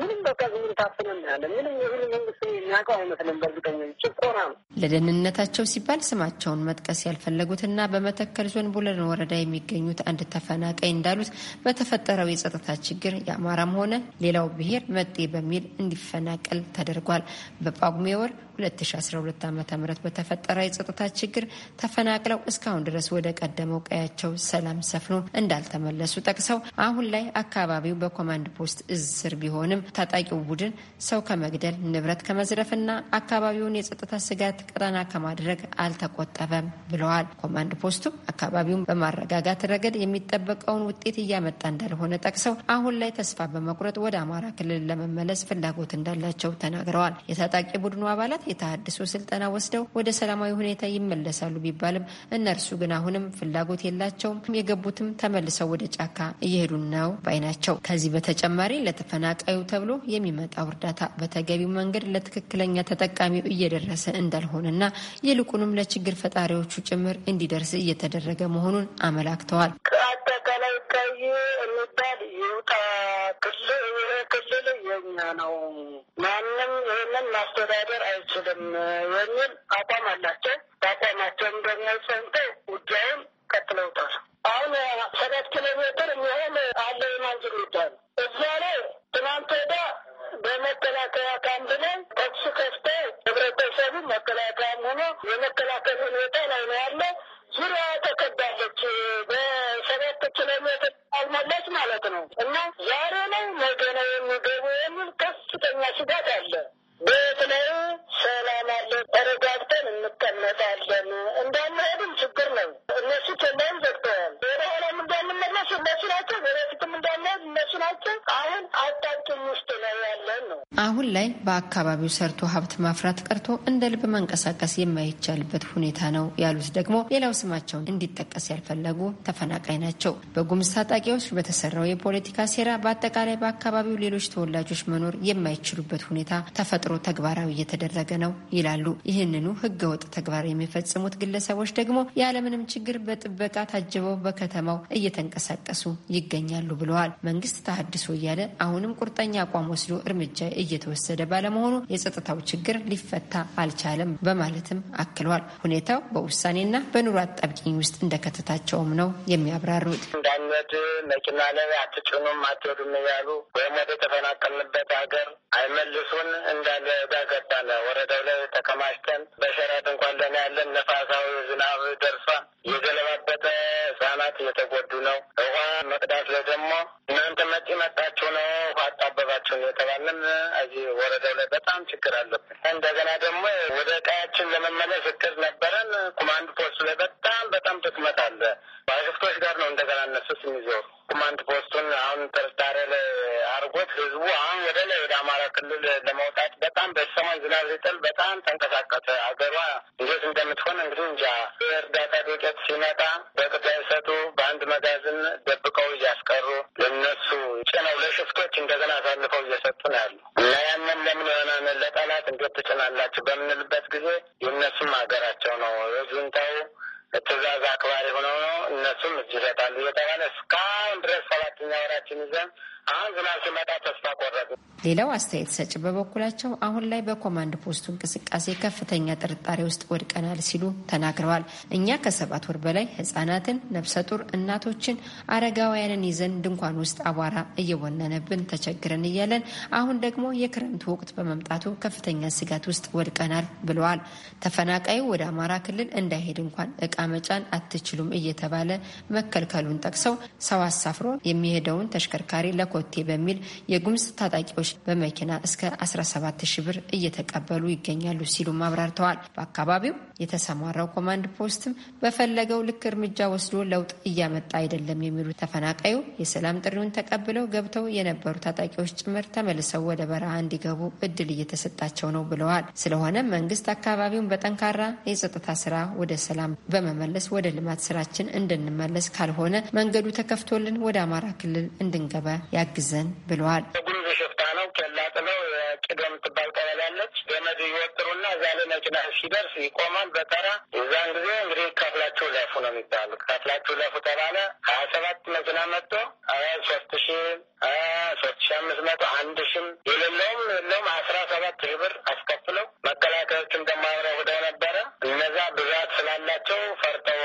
ምንም በቃ ታፍነን ያለ ምንም የሁሉ መንግስት የሚያውቀው አይመስልም። በእርግጠኛ ጭቆና ነው። ለደህንነታቸው ሲባል ስማቸውን መጥቀስ ያልፈለጉትና በመተከል ዞን ቡለን ወረዳ የሚገኙት አንድ ተፈናቃይ እንዳሉት በተፈጠረው የጸጥታ ችግር የአማራም ሆነ ሌላው ብሔር መጤ በሚል እንዲፈናቀል ተደርጓል። በጳጉሜ ወር 2012 ዓ ም በተፈጠረ የጸጥታ ችግር ተፈናቅለው እስካሁን ድረስ ወደ ቀደመው ቀያቸው ሰላም ሰፍኖ እንዳልተመለሱ ጠቅሰው አሁን ላይ አካባቢው በኮማንድ ፖስት እዝ ስር ቢሆንም ታጣቂው ቡድን ሰው ከመግደል ንብረት ከመዝረፍና አካባቢውን የጸጥታ ስጋት ቀጠና ከማድረግ አልተቆጠበም ብለዋል። ኮማንድ ፖስቱ አካባቢውን በማረጋጋት ረገድ የሚጠበቀውን ውጤት እያመጣ እንዳልሆነ ጠቅሰው አሁን ላይ ተስፋ በመቁረጥ ወደ አማራ ክልል ለመመለስ ፍላጎት እንዳላቸው ተናግረዋል። የታጣቂ ቡድኑ አባላት የተሃድሶ ስልጠና ወስደው ወደ ሰላማዊ ሁኔታ ይመለሳሉ ቢባልም እነርሱ ግን አሁንም ፍላጎት የላቸውም፣ የገቡትም ተመልሰው ወደ ጫካ እየሄዱ ነው ባይ ናቸው። ከዚህ በተጨማሪ ለተፈናቃዩ ተብሎ የሚመጣው እርዳታ በተገቢው መንገድ ለትክክለኛ ተጠቃሚው እየደረሰ እንዳልሆነና ይልቁንም ለችግር ፈጣሪዎቹ ጭምር እንዲደርስ እየተደረገ መሆኑን አመላክተዋል። ከአጠቃላይ ቀይ የሚባል ይውጣ ክልል የኛ ነው፣ ማንም ይህንን ማስተዳደር አይችልም የሚል አቋም አላቸው። በአቋማቸውም ደግሞ ጉዳይም ቀጥለውታል። አሁን ሰባት ኪሎ ሜትር የሚሆን አለ የማንዝ ሚባል እዛ ላይ ትናንት ወዲያ በመከላከያ ካምፕ ላይ ተኩስ ከፍተው ህብረተሰቡ መከላከያም ሆኖ የመከላከል ሁኔታ ላይ ነው ያለ። ዙሪያ ተከባለች። በሰባት ኪሎ ሜትር አልመለስ ማለት ነው እና ዛሬ ነው ነገ ነው የሚገቡ የሚል ከፍተኛ ስጋት አለ። ላይ በአካባቢው ሰርቶ ሀብት ማፍራት ቀርቶ እንደ ልብ መንቀሳቀስ የማይቻልበት ሁኔታ ነው ያሉት ደግሞ ሌላው ስማቸውን እንዲጠቀስ ያልፈለጉ ተፈናቃይ ናቸው። በጉምዝ ታጣቂዎች በተሰራው የፖለቲካ ሴራ በአጠቃላይ በአካባቢው ሌሎች ተወላጆች መኖር የማይችሉበት ሁኔታ ተፈጥሮ ተግባራዊ እየተደረገ ነው ይላሉ። ይህንኑ ህገወጥ ተግባር የሚፈጽሙት ግለሰቦች ደግሞ ያለምንም ችግር በጥበቃ ታጅበው በከተማው እየተንቀሳቀሱ ይገኛሉ ብለዋል። መንግስት ተሀድሶ እያለ አሁንም ቁርጠኛ አቋም ወስዶ እርምጃ እየተወሰደ የተወሰደ ባለመሆኑ የጸጥታው ችግር ሊፈታ አልቻለም በማለትም አክሏል ሁኔታው በውሳኔና በኑሮ አጣብቂኝ ውስጥ እንደከተታቸውም ነው የሚያብራሩት። ዘመድ መኪና ላይ አትጭኑም አትወዱም እያሉ ወይም ወደ ተፈናቀልንበት ሀገር አይመልሱን እንዳለ ዕዳ ገባን። ወረዳው ላይ ተከማችተን በሸራት እንኳን ለና ያለን ነፋሳዊ ዝናብ ደርሷል። የገለባበጠ ህጻናት እየተጎዱ ነው። ውሃ መቅዳት ላይ ደግሞ እናንተ መጪ መጣችሁ ነው ውሃ አጣበባችሁ ነው የተባለን። እዚህ ወረዳው ላይ በጣም ችግር አለብን። እንደገና ደግሞ ወደ ቀያችን ለመመለስ እቅድ ነበረን። ኮማንድ ፖስት ላይ በጣም በጣም ድክመት አለ። ባሽፍቶች ጋር ነው እንደገና እነሱ ፖሊሲን ይዞ ኮማንድ ፖስቱን አሁን ጥርጣሬ ላይ አድርጎት ህዝቡ አሁን ወደ ላይ ወደ አማራ ክልል ለመውጣት በጣም በሰሞን ዝናብ ሲጥል በጣም ተንቀሳቀሰ። አገሯ እንዴት እንደምትሆን እንግዲህ እንጃ። እርዳታ ዱቄት ሲመጣ በቅዳ ይሰጡ በአንድ መጋዘን ደብቀው እያስቀሩ ለነሱ ጭነው ለሽፍቶች እንደገና አሳልፈው እየሰጡ ነው ያሉ እና ያንን ለምን የሆነ ለጠላት እንዴት ትጭናላችሁ በምንልበት ጊዜ የእነሱም ሀገራቸው ነው ጁንታው ትእዛዝ አክባሪ ሆኖ ነው እነሱም እጅ ይሰጣሉ እየተባለ እስካሁን ድረስ ሰባተኛ ወራችን ይዘን አሁን ዝናብ ሲመጣ ተስፋ ቆረጡ። ሌላው አስተያየት ሰጭ በበኩላቸው አሁን ላይ በኮማንድ ፖስቱ እንቅስቃሴ ከፍተኛ ጥርጣሬ ውስጥ ወድቀናል ሲሉ ተናግረዋል። እኛ ከሰባት ወር በላይ ህጻናትን፣ ነፍሰ ጡር እናቶችን፣ አረጋውያንን ይዘን ድንኳን ውስጥ አቧራ እየቦነነብን ተቸግረን እያለን አሁን ደግሞ የክረምት ወቅት በመምጣቱ ከፍተኛ ስጋት ውስጥ ወድቀናል ብለዋል። ተፈናቃዩ ወደ አማራ ክልል እንዳይሄድ እንኳን እቃ መጫን አትችሉም እየተባለ መከልከሉን ጠቅሰው ሰው አሳፍሮ የሚሄደውን ተሽከርካሪ ለ ኮቴ በሚል የጉምዝ ታጣቂዎች በመኪና እስከ 17 ሺ ብር እየተቀበሉ ይገኛሉ ሲሉም አብራርተዋል። በአካባቢው የተሰማራው ኮማንድ ፖስትም በፈለገው ልክ እርምጃ ወስዶ ለውጥ እያመጣ አይደለም የሚሉ ተፈናቃዩ የሰላም ጥሪውን ተቀብለው ገብተው የነበሩ ታጣቂዎች ጭምር ተመልሰው ወደ በረሃ እንዲገቡ እድል እየተሰጣቸው ነው ብለዋል። ስለሆነ መንግስት አካባቢውን በጠንካራ የጸጥታ ስራ ወደ ሰላም በመመለስ ወደ ልማት ስራችን እንድንመለስ ካልሆነ መንገዱ ተከፍቶልን ወደ አማራ ክልል እንድንገባ ያግዘን ብለዋል። ቂዶ የምትባል ቀበሌ አለች። ገመድ ይወጥሩና እዛ ላይ መኪና ሲደርስ ይቆማል በተራ። እዛን ጊዜ እንግዲህ ከፍላችሁ ለፉ ነው የሚባሉ። ከፍላችሁ ለፉ ተባለ። ሀያ ሰባት መኪና መጥቶ ሶስት ሺ ሶስት ሺ አምስት መቶ አንድ ሽም የሌለውም የለውም አስራ ሰባት ሺ ብር አስከፍለው መከላከያዎችም ደግሞ አብረው ሄደው ነበረ። እነዛ ብዛት ስላላቸው ፈርተው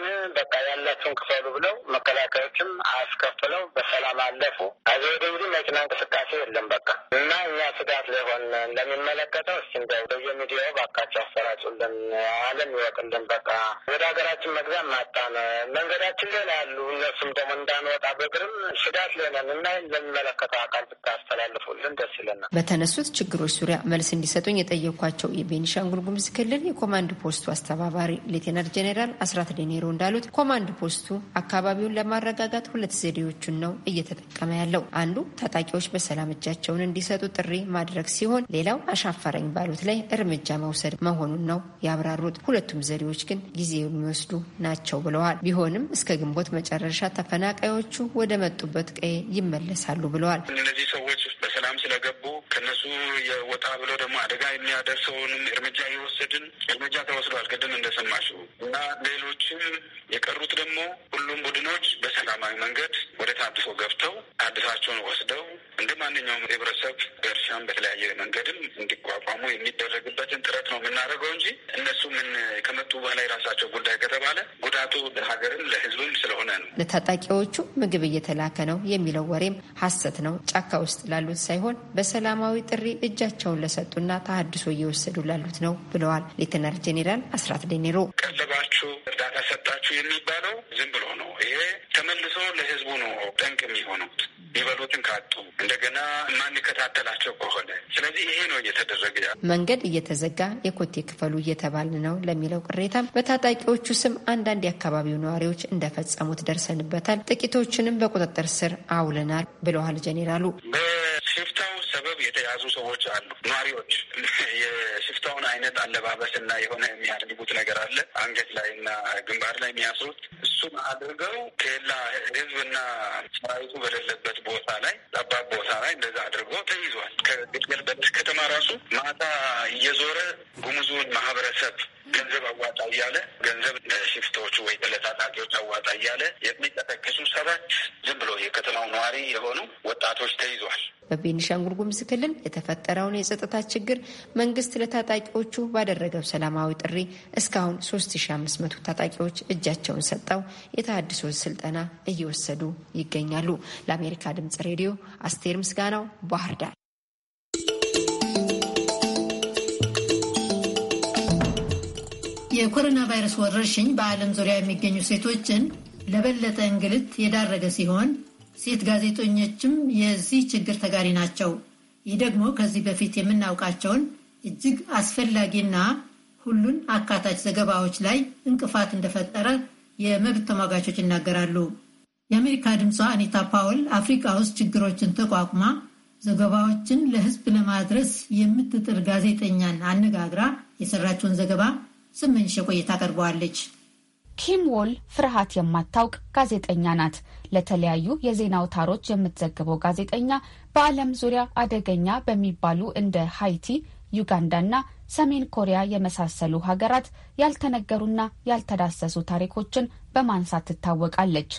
ስለሆነ በቃ ያላቸውን ክፈሉ ብለው መከላከያዎችም አስከፍለው በሰላም አለፉ። ከዚ ወደ እንግዲህ መኪና እንቅስቃሴ የለም በቃ እና እኛ ስጋት ላይሆን ለሚመለከተው እስ እንደው በየሚዲያው በአካቸው አሰራጩልን፣ አለም ይወቅልን። በቃ ወደ ሀገራችን መግዛት ማጣን መንገዳችን ላይ ያሉ እነሱም ደግሞ እንዳንወጣ በእግርም ስጋት ላይነን እና ለሚመለከተው አካል ብታስተላልፉልን ደስ ይለናል። በተነሱት ችግሮች ዙሪያ መልስ እንዲሰጡኝ የጠየኳቸው የቤኒሻንጉል ጉሙዝ ክልል የኮማንድ ፖስቱ አስተባባሪ ሌቴናል ጄኔራል አስራት ዴኔሮ እንዳሉት ኮማንድ ፖስቱ አካባቢውን ለማረጋጋት ሁለት ዘዴዎችን ነው እየተጠቀመ ያለው። አንዱ ታጣቂዎች በሰላም እጃቸውን እንዲሰጡ ጥሪ ማድረግ ሲሆን፣ ሌላው አሻፈረኝ ባሉት ላይ እርምጃ መውሰድ መሆኑን ነው ያብራሩት። ሁለቱም ዘዴዎች ግን ጊዜ የሚወስዱ ናቸው ብለዋል። ቢሆንም እስከ ግንቦት መጨረሻ ተፈናቃዮቹ ወደ መጡበት ቀዬ ይመለሳሉ ብለዋል። እነዚህ ሰዎች ሰላም ስለገቡ ከነሱ የወጣ ብሎ ደግሞ አደጋ የሚያደርሰውንም እርምጃ የወሰድን እርምጃ ተወስዷል። ቅድም እንደሰማችሁ እና ሌሎችም የቀሩት ደግሞ ሁሉም ቡድኖች በሰላማዊ መንገድ ወደ ታድሶ ገብተው አድሳቸውን ወስደው እንደ ማንኛውም ህብረተሰብ በእርሻም በተለያየ መንገድም እንዲቋቋሙ የሚደረግበትን ጥረት ነው የምናደርገው እንጂ እነሱ ምን ከመጡ በኋላ የራሳቸው ጉዳይ ከተባለ ጉዳቱ ለሀገርም ለህዝብም ስለሆነ ነው። ለታጣቂዎቹ ምግብ እየተላከ ነው የሚለው ወሬም ሀሰት ነው። ጫካ ውስጥ ላሉት ሳይሆን በሰላማዊ ጥሪ እጃቸውን ለሰጡና ተሀድሶ እየወሰዱ ላሉት ነው ብለዋል። ሌተናል ጄኔራል አስራት ዴኔሮ ቀለባችሁ፣ እርዳታ ሰጣችሁ የሚባለው ዝም ብሎ ነው። ይሄ ተመልሶ ለህዝቡ ነው ጠንቅ የሚሆኑት የሚበሉትን ካጡ እንደገና ማንከታተላቸው ከሆነ ስለዚህ ይሄ ነው እየተደረገ መንገድ እየተዘጋ የኮቴ ክፈሉ እየተባል ነው ለሚለው ቅሬታም በታጣቂዎቹ ስም አንዳንድ የአካባቢው ነዋሪዎች እንደፈጸሙት ደርሰንበታል፣ ጥቂቶችንም በቁጥጥር ስር አውለናል ብለዋል ጄኔራሉ። በሽፍታው ሰበብ የተያዙ ሰዎች አሉ። ነዋሪዎች የሽፍታውን አይነት አለባበስ እና የሆነ የሚያድጉት ነገር አለ አንገት ላይ እና ግንባር ላይ የሚያስሩት እሱም አድርገው ኬላ ህዝብና ሰራዊቱ በሌለበት ቦታ ላይ ጠባብ ቦታ ላይ እንደዛ አድርጎ ተይዟል። ከግልገልበት ከተማ ራሱ ማታ እየዞረ ጉሙዙን ማህበረሰብ ገንዘብ አዋጣ እያለ ገንዘብ ለሽፍቶቹ ወይ ለታጣቂዎች አዋጣ እያለ የሚቀሰቅሱ ሰባት የከተማው ነዋሪ የሆኑ ወጣቶች ተይዟል። በቤኒሻንጉል ጉምዝ ክልል የተፈጠረውን የጸጥታ ችግር መንግስት ለታጣቂዎቹ ባደረገው ሰላማዊ ጥሪ እስካሁን 3500 ታጣቂዎች እጃቸውን ሰጠው የተሃድሶ ስልጠና እየወሰዱ ይገኛሉ። ለአሜሪካ ድምጽ ሬዲዮ አስቴር ምስጋናው ባህር ዳር። የኮሮና ቫይረስ ወረርሽኝ በዓለም ዙሪያ የሚገኙ ሴቶችን ለበለጠ እንግልት የዳረገ ሲሆን ሴት ጋዜጠኞችም የዚህ ችግር ተጋሪ ናቸው። ይህ ደግሞ ከዚህ በፊት የምናውቃቸውን እጅግ አስፈላጊና ሁሉን አካታች ዘገባዎች ላይ እንቅፋት እንደፈጠረ የመብት ተሟጋቾች ይናገራሉ። የአሜሪካ ድምጿ አኒታ ፓውል አፍሪካ ውስጥ ችግሮችን ተቋቁማ ዘገባዎችን ለሕዝብ ለማድረስ የምትጥር ጋዜጠኛን አነጋግራ የሰራችውን ዘገባ ስምንሽ ቆይታ አቀርበዋለች። ኪም ዎል ፍርሃት የማታውቅ ጋዜጠኛ ናት። ለተለያዩ የዜና አውታሮች የምትዘግበው ጋዜጠኛ በዓለም ዙሪያ አደገኛ በሚባሉ እንደ ሃይቲ፣ ዩጋንዳ እና ሰሜን ኮሪያ የመሳሰሉ ሀገራት ያልተነገሩና ያልተዳሰሱ ታሪኮችን በማንሳት ትታወቃለች።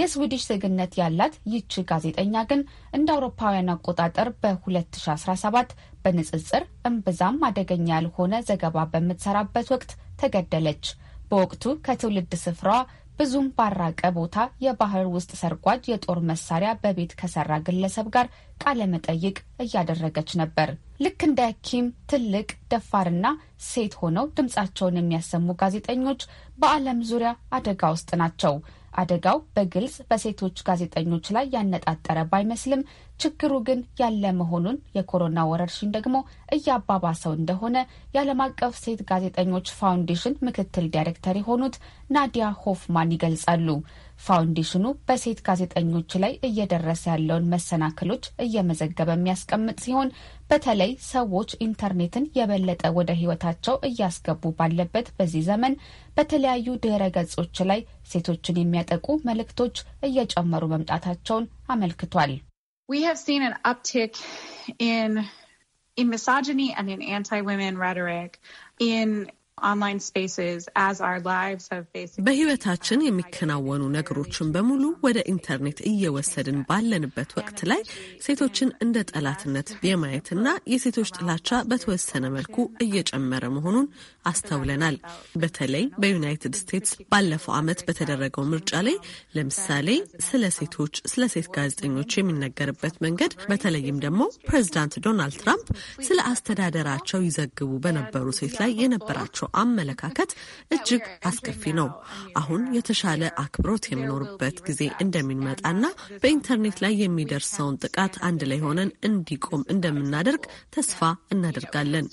የስዊዲሽ ዜግነት ያላት ይቺ ጋዜጠኛ ግን እንደ አውሮፓውያን አቆጣጠር በ2017 በንጽጽር እምብዛም አደገኛ ያልሆነ ዘገባ በምትሰራበት ወቅት ተገደለች። በወቅቱ ከትውልድ ስፍራዋ ብዙም ባራቀ ቦታ የባህር ውስጥ ሰርጓጅ የጦር መሳሪያ በቤት ከሰራ ግለሰብ ጋር ቃለ መጠይቅ እያደረገች ነበር። ልክ እንደ ኪም ትልቅ ደፋርና ሴት ሆነው ድምጻቸውን የሚያሰሙ ጋዜጠኞች በዓለም ዙሪያ አደጋ ውስጥ ናቸው። አደጋው በግልጽ በሴቶች ጋዜጠኞች ላይ ያነጣጠረ ባይመስልም ችግሩ ግን ያለ መሆኑን የኮሮና ወረርሽኝ ደግሞ እያባባሰው እንደሆነ የዓለም አቀፍ ሴት ጋዜጠኞች ፋውንዴሽን ምክትል ዳይሬክተር የሆኑት ናዲያ ሆፍማን ይገልጻሉ። ፋውንዴሽኑ በሴት ጋዜጠኞች ላይ እየደረሰ ያለውን መሰናክሎች እየመዘገበ የሚያስቀምጥ ሲሆን በተለይ ሰዎች ኢንተርኔትን የበለጠ ወደ ሕይወታቸው እያስገቡ ባለበት በዚህ ዘመን በተለያዩ ድህረ ገጾች ላይ ሴቶችን የሚያጠቁ መልእክቶች እየጨመሩ መምጣታቸውን አመልክቷል። in misogyny and in anti-women rhetoric in በህይወታችን የሚከናወኑ ነገሮችን በሙሉ ወደ ኢንተርኔት እየወሰድን ባለንበት ወቅት ላይ ሴቶችን እንደ ጠላትነት የማየትና የሴቶች ጥላቻ በተወሰነ መልኩ እየጨመረ መሆኑን አስተውለናል። በተለይ በዩናይትድ ስቴትስ ባለፈው ዓመት በተደረገው ምርጫ ላይ ለምሳሌ ስለ ሴቶች፣ ስለ ሴት ጋዜጠኞች የሚነገርበት መንገድ በተለይም ደግሞ ፕሬዚዳንት ዶናልድ ትራምፕ ስለ አስተዳደራቸው ይዘግቡ በነበሩ ሴት ላይ የነበራቸው አመለካከት እጅግ አስከፊ ነው። አሁን የተሻለ አክብሮት የሚኖርበት ጊዜ እንደሚመጣና በኢንተርኔት ላይ የሚደርሰውን ጥቃት አንድ ላይ ሆነን እንዲቆም እንደምናደርግ ተስፋ እናደርጋለን።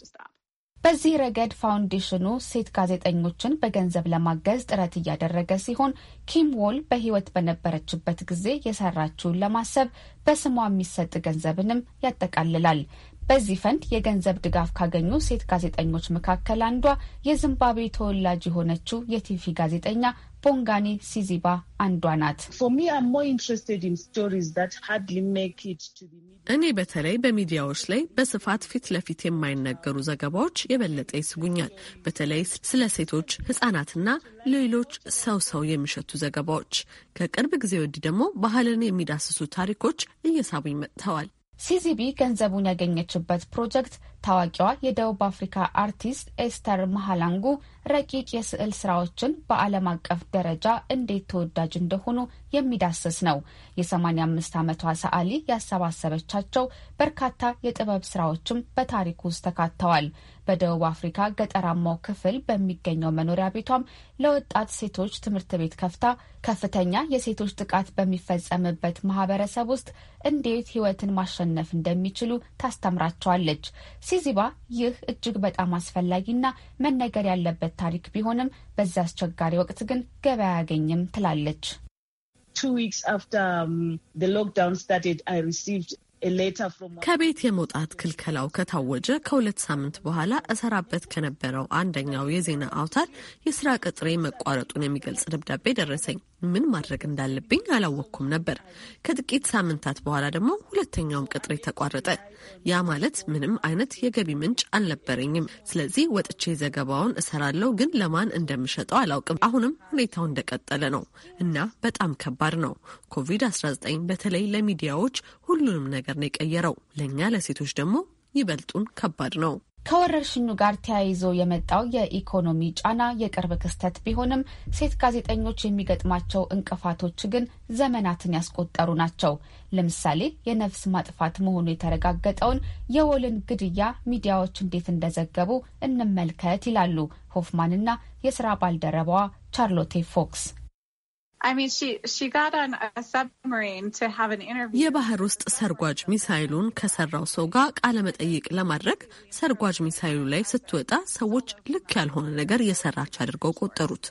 በዚህ ረገድ ፋውንዴሽኑ ሴት ጋዜጠኞችን በገንዘብ ለማገዝ ጥረት እያደረገ ሲሆን ኪም ዎል በሕይወት በነበረችበት ጊዜ የሰራችውን ለማሰብ በስሟ የሚሰጥ ገንዘብንም ያጠቃልላል። በዚህ ፈንድ የገንዘብ ድጋፍ ካገኙ ሴት ጋዜጠኞች መካከል አንዷ የዚምባብዌ ተወላጅ የሆነችው የቲቪ ጋዜጠኛ ቦንጋኒ ሲዚባ አንዷ ናት። እኔ በተለይ በሚዲያዎች ላይ በስፋት ፊት ለፊት የማይነገሩ ዘገባዎች የበለጠ ይስጉኛል። በተለይ ስለ ሴቶች፣ ህጻናትና ሌሎች ሰው ሰው የሚሸቱ ዘገባዎች። ከቅርብ ጊዜ ወዲህ ደግሞ ባህልን የሚዳስሱ ታሪኮች እየሳቡኝ መጥተዋል። ሲዚቢ ገንዘቡን ያገኘችበት ፕሮጀክት ታዋቂዋ የደቡብ አፍሪካ አርቲስት ኤስተር መሃላንጉ ረቂቅ የስዕል ስራዎችን በዓለም አቀፍ ደረጃ እንዴት ተወዳጅ እንደሆኑ የሚዳስስ ነው። የ85 ዓመቷ ሰዓሊ ያሰባሰበቻቸው በርካታ የጥበብ ስራዎችም በታሪኩ ውስጥ ተካተዋል። በደቡብ አፍሪካ ገጠራማው ክፍል በሚገኘው መኖሪያ ቤቷም ለወጣት ሴቶች ትምህርት ቤት ከፍታ ከፍተኛ የሴቶች ጥቃት በሚፈጸምበት ማህበረሰብ ውስጥ እንዴት ህይወትን ማሸነፍ እንደሚችሉ ታስተምራቸዋለች። ሲዚባ ይህ እጅግ በጣም አስፈላጊና መነገር ያለበት ታሪክ ቢሆንም በዚያ አስቸጋሪ ወቅት ግን ገበያ አያገኝም ትላለች። two weeks after um, the lockdown started, I received ከቤት የመውጣት ክልከላው ከታወጀ ከሁለት ሳምንት በኋላ እሰራበት ከነበረው አንደኛው የዜና አውታር የስራ ቅጥሬ መቋረጡን የሚገልጽ ደብዳቤ ደረሰኝ። ምን ማድረግ እንዳለብኝ አላወቅኩም ነበር። ከጥቂት ሳምንታት በኋላ ደግሞ ሁለተኛውም ቅጥሬ ተቋረጠ። ያ ማለት ምንም አይነት የገቢ ምንጭ አልነበረኝም። ስለዚህ ወጥቼ ዘገባውን እሰራለሁ፣ ግን ለማን እንደምሸጠው አላውቅም። አሁንም ሁኔታው እንደቀጠለ ነው እና በጣም ከባድ ነው። ኮቪድ-19 በተለይ ለሚዲያዎች ሁሉንም ነገር ነው የቀየረው። ለእኛ ለሴቶች ደግሞ ይበልጡን ከባድ ነው። ከወረርሽኙ ጋር ተያይዞ የመጣው የኢኮኖሚ ጫና የቅርብ ክስተት ቢሆንም ሴት ጋዜጠኞች የሚገጥማቸው እንቅፋቶች ግን ዘመናትን ያስቆጠሩ ናቸው። ለምሳሌ የነፍስ ማጥፋት መሆኑ የተረጋገጠውን የወልን ግድያ ሚዲያዎች እንዴት እንደዘገቡ እንመልከት ይላሉ ሆፍማንና የስራ ባልደረባዋ ቻርሎቴ ፎክስ። የባህር ውስጥ ሰርጓጅ ሚሳይሉን ከሰራው ሰው ጋር ቃለመጠይቅ ለማድረግ ሰርጓጅ ሚሳይሉ ላይ ስትወጣ ሰዎች ልክ ያልሆነ ነገር የሰራች አድርገው ቆጠሩት።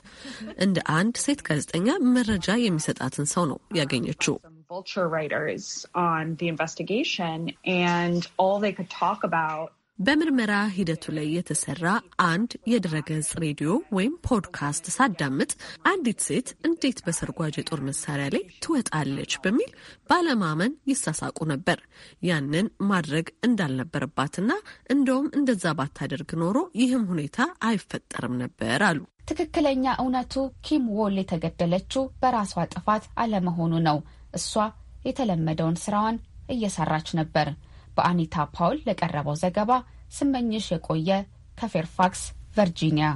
እንደ አንድ ሴት ጋዜጠኛ መረጃ የሚሰጣትን ሰው ነው ያገኘችው። vulture writers on the investigation and all they could talk about በምርመራ ሂደቱ ላይ የተሰራ አንድ የድረገጽ ሬዲዮ ወይም ፖድካስት ሳዳምጥ አንዲት ሴት እንዴት በሰርጓጅ የጦር መሳሪያ ላይ ትወጣለች በሚል ባለማመን ይሳሳቁ ነበር። ያንን ማድረግ እንዳልነበረባትና እንደውም እንደዛ ባታደርግ ኖሮ ይህም ሁኔታ አይፈጠርም ነበር አሉ። ትክክለኛ እውነቱ ኪም ዎል የተገደለችው በራሷ ጥፋት አለመሆኑ ነው። እሷ የተለመደውን ስራዋን እየሰራች ነበር። በአኒታ ፓውል ለቀረበው ዘገባ ስመኝሽ የቆየ ከፌርፋክስ ቨርጂኒያ።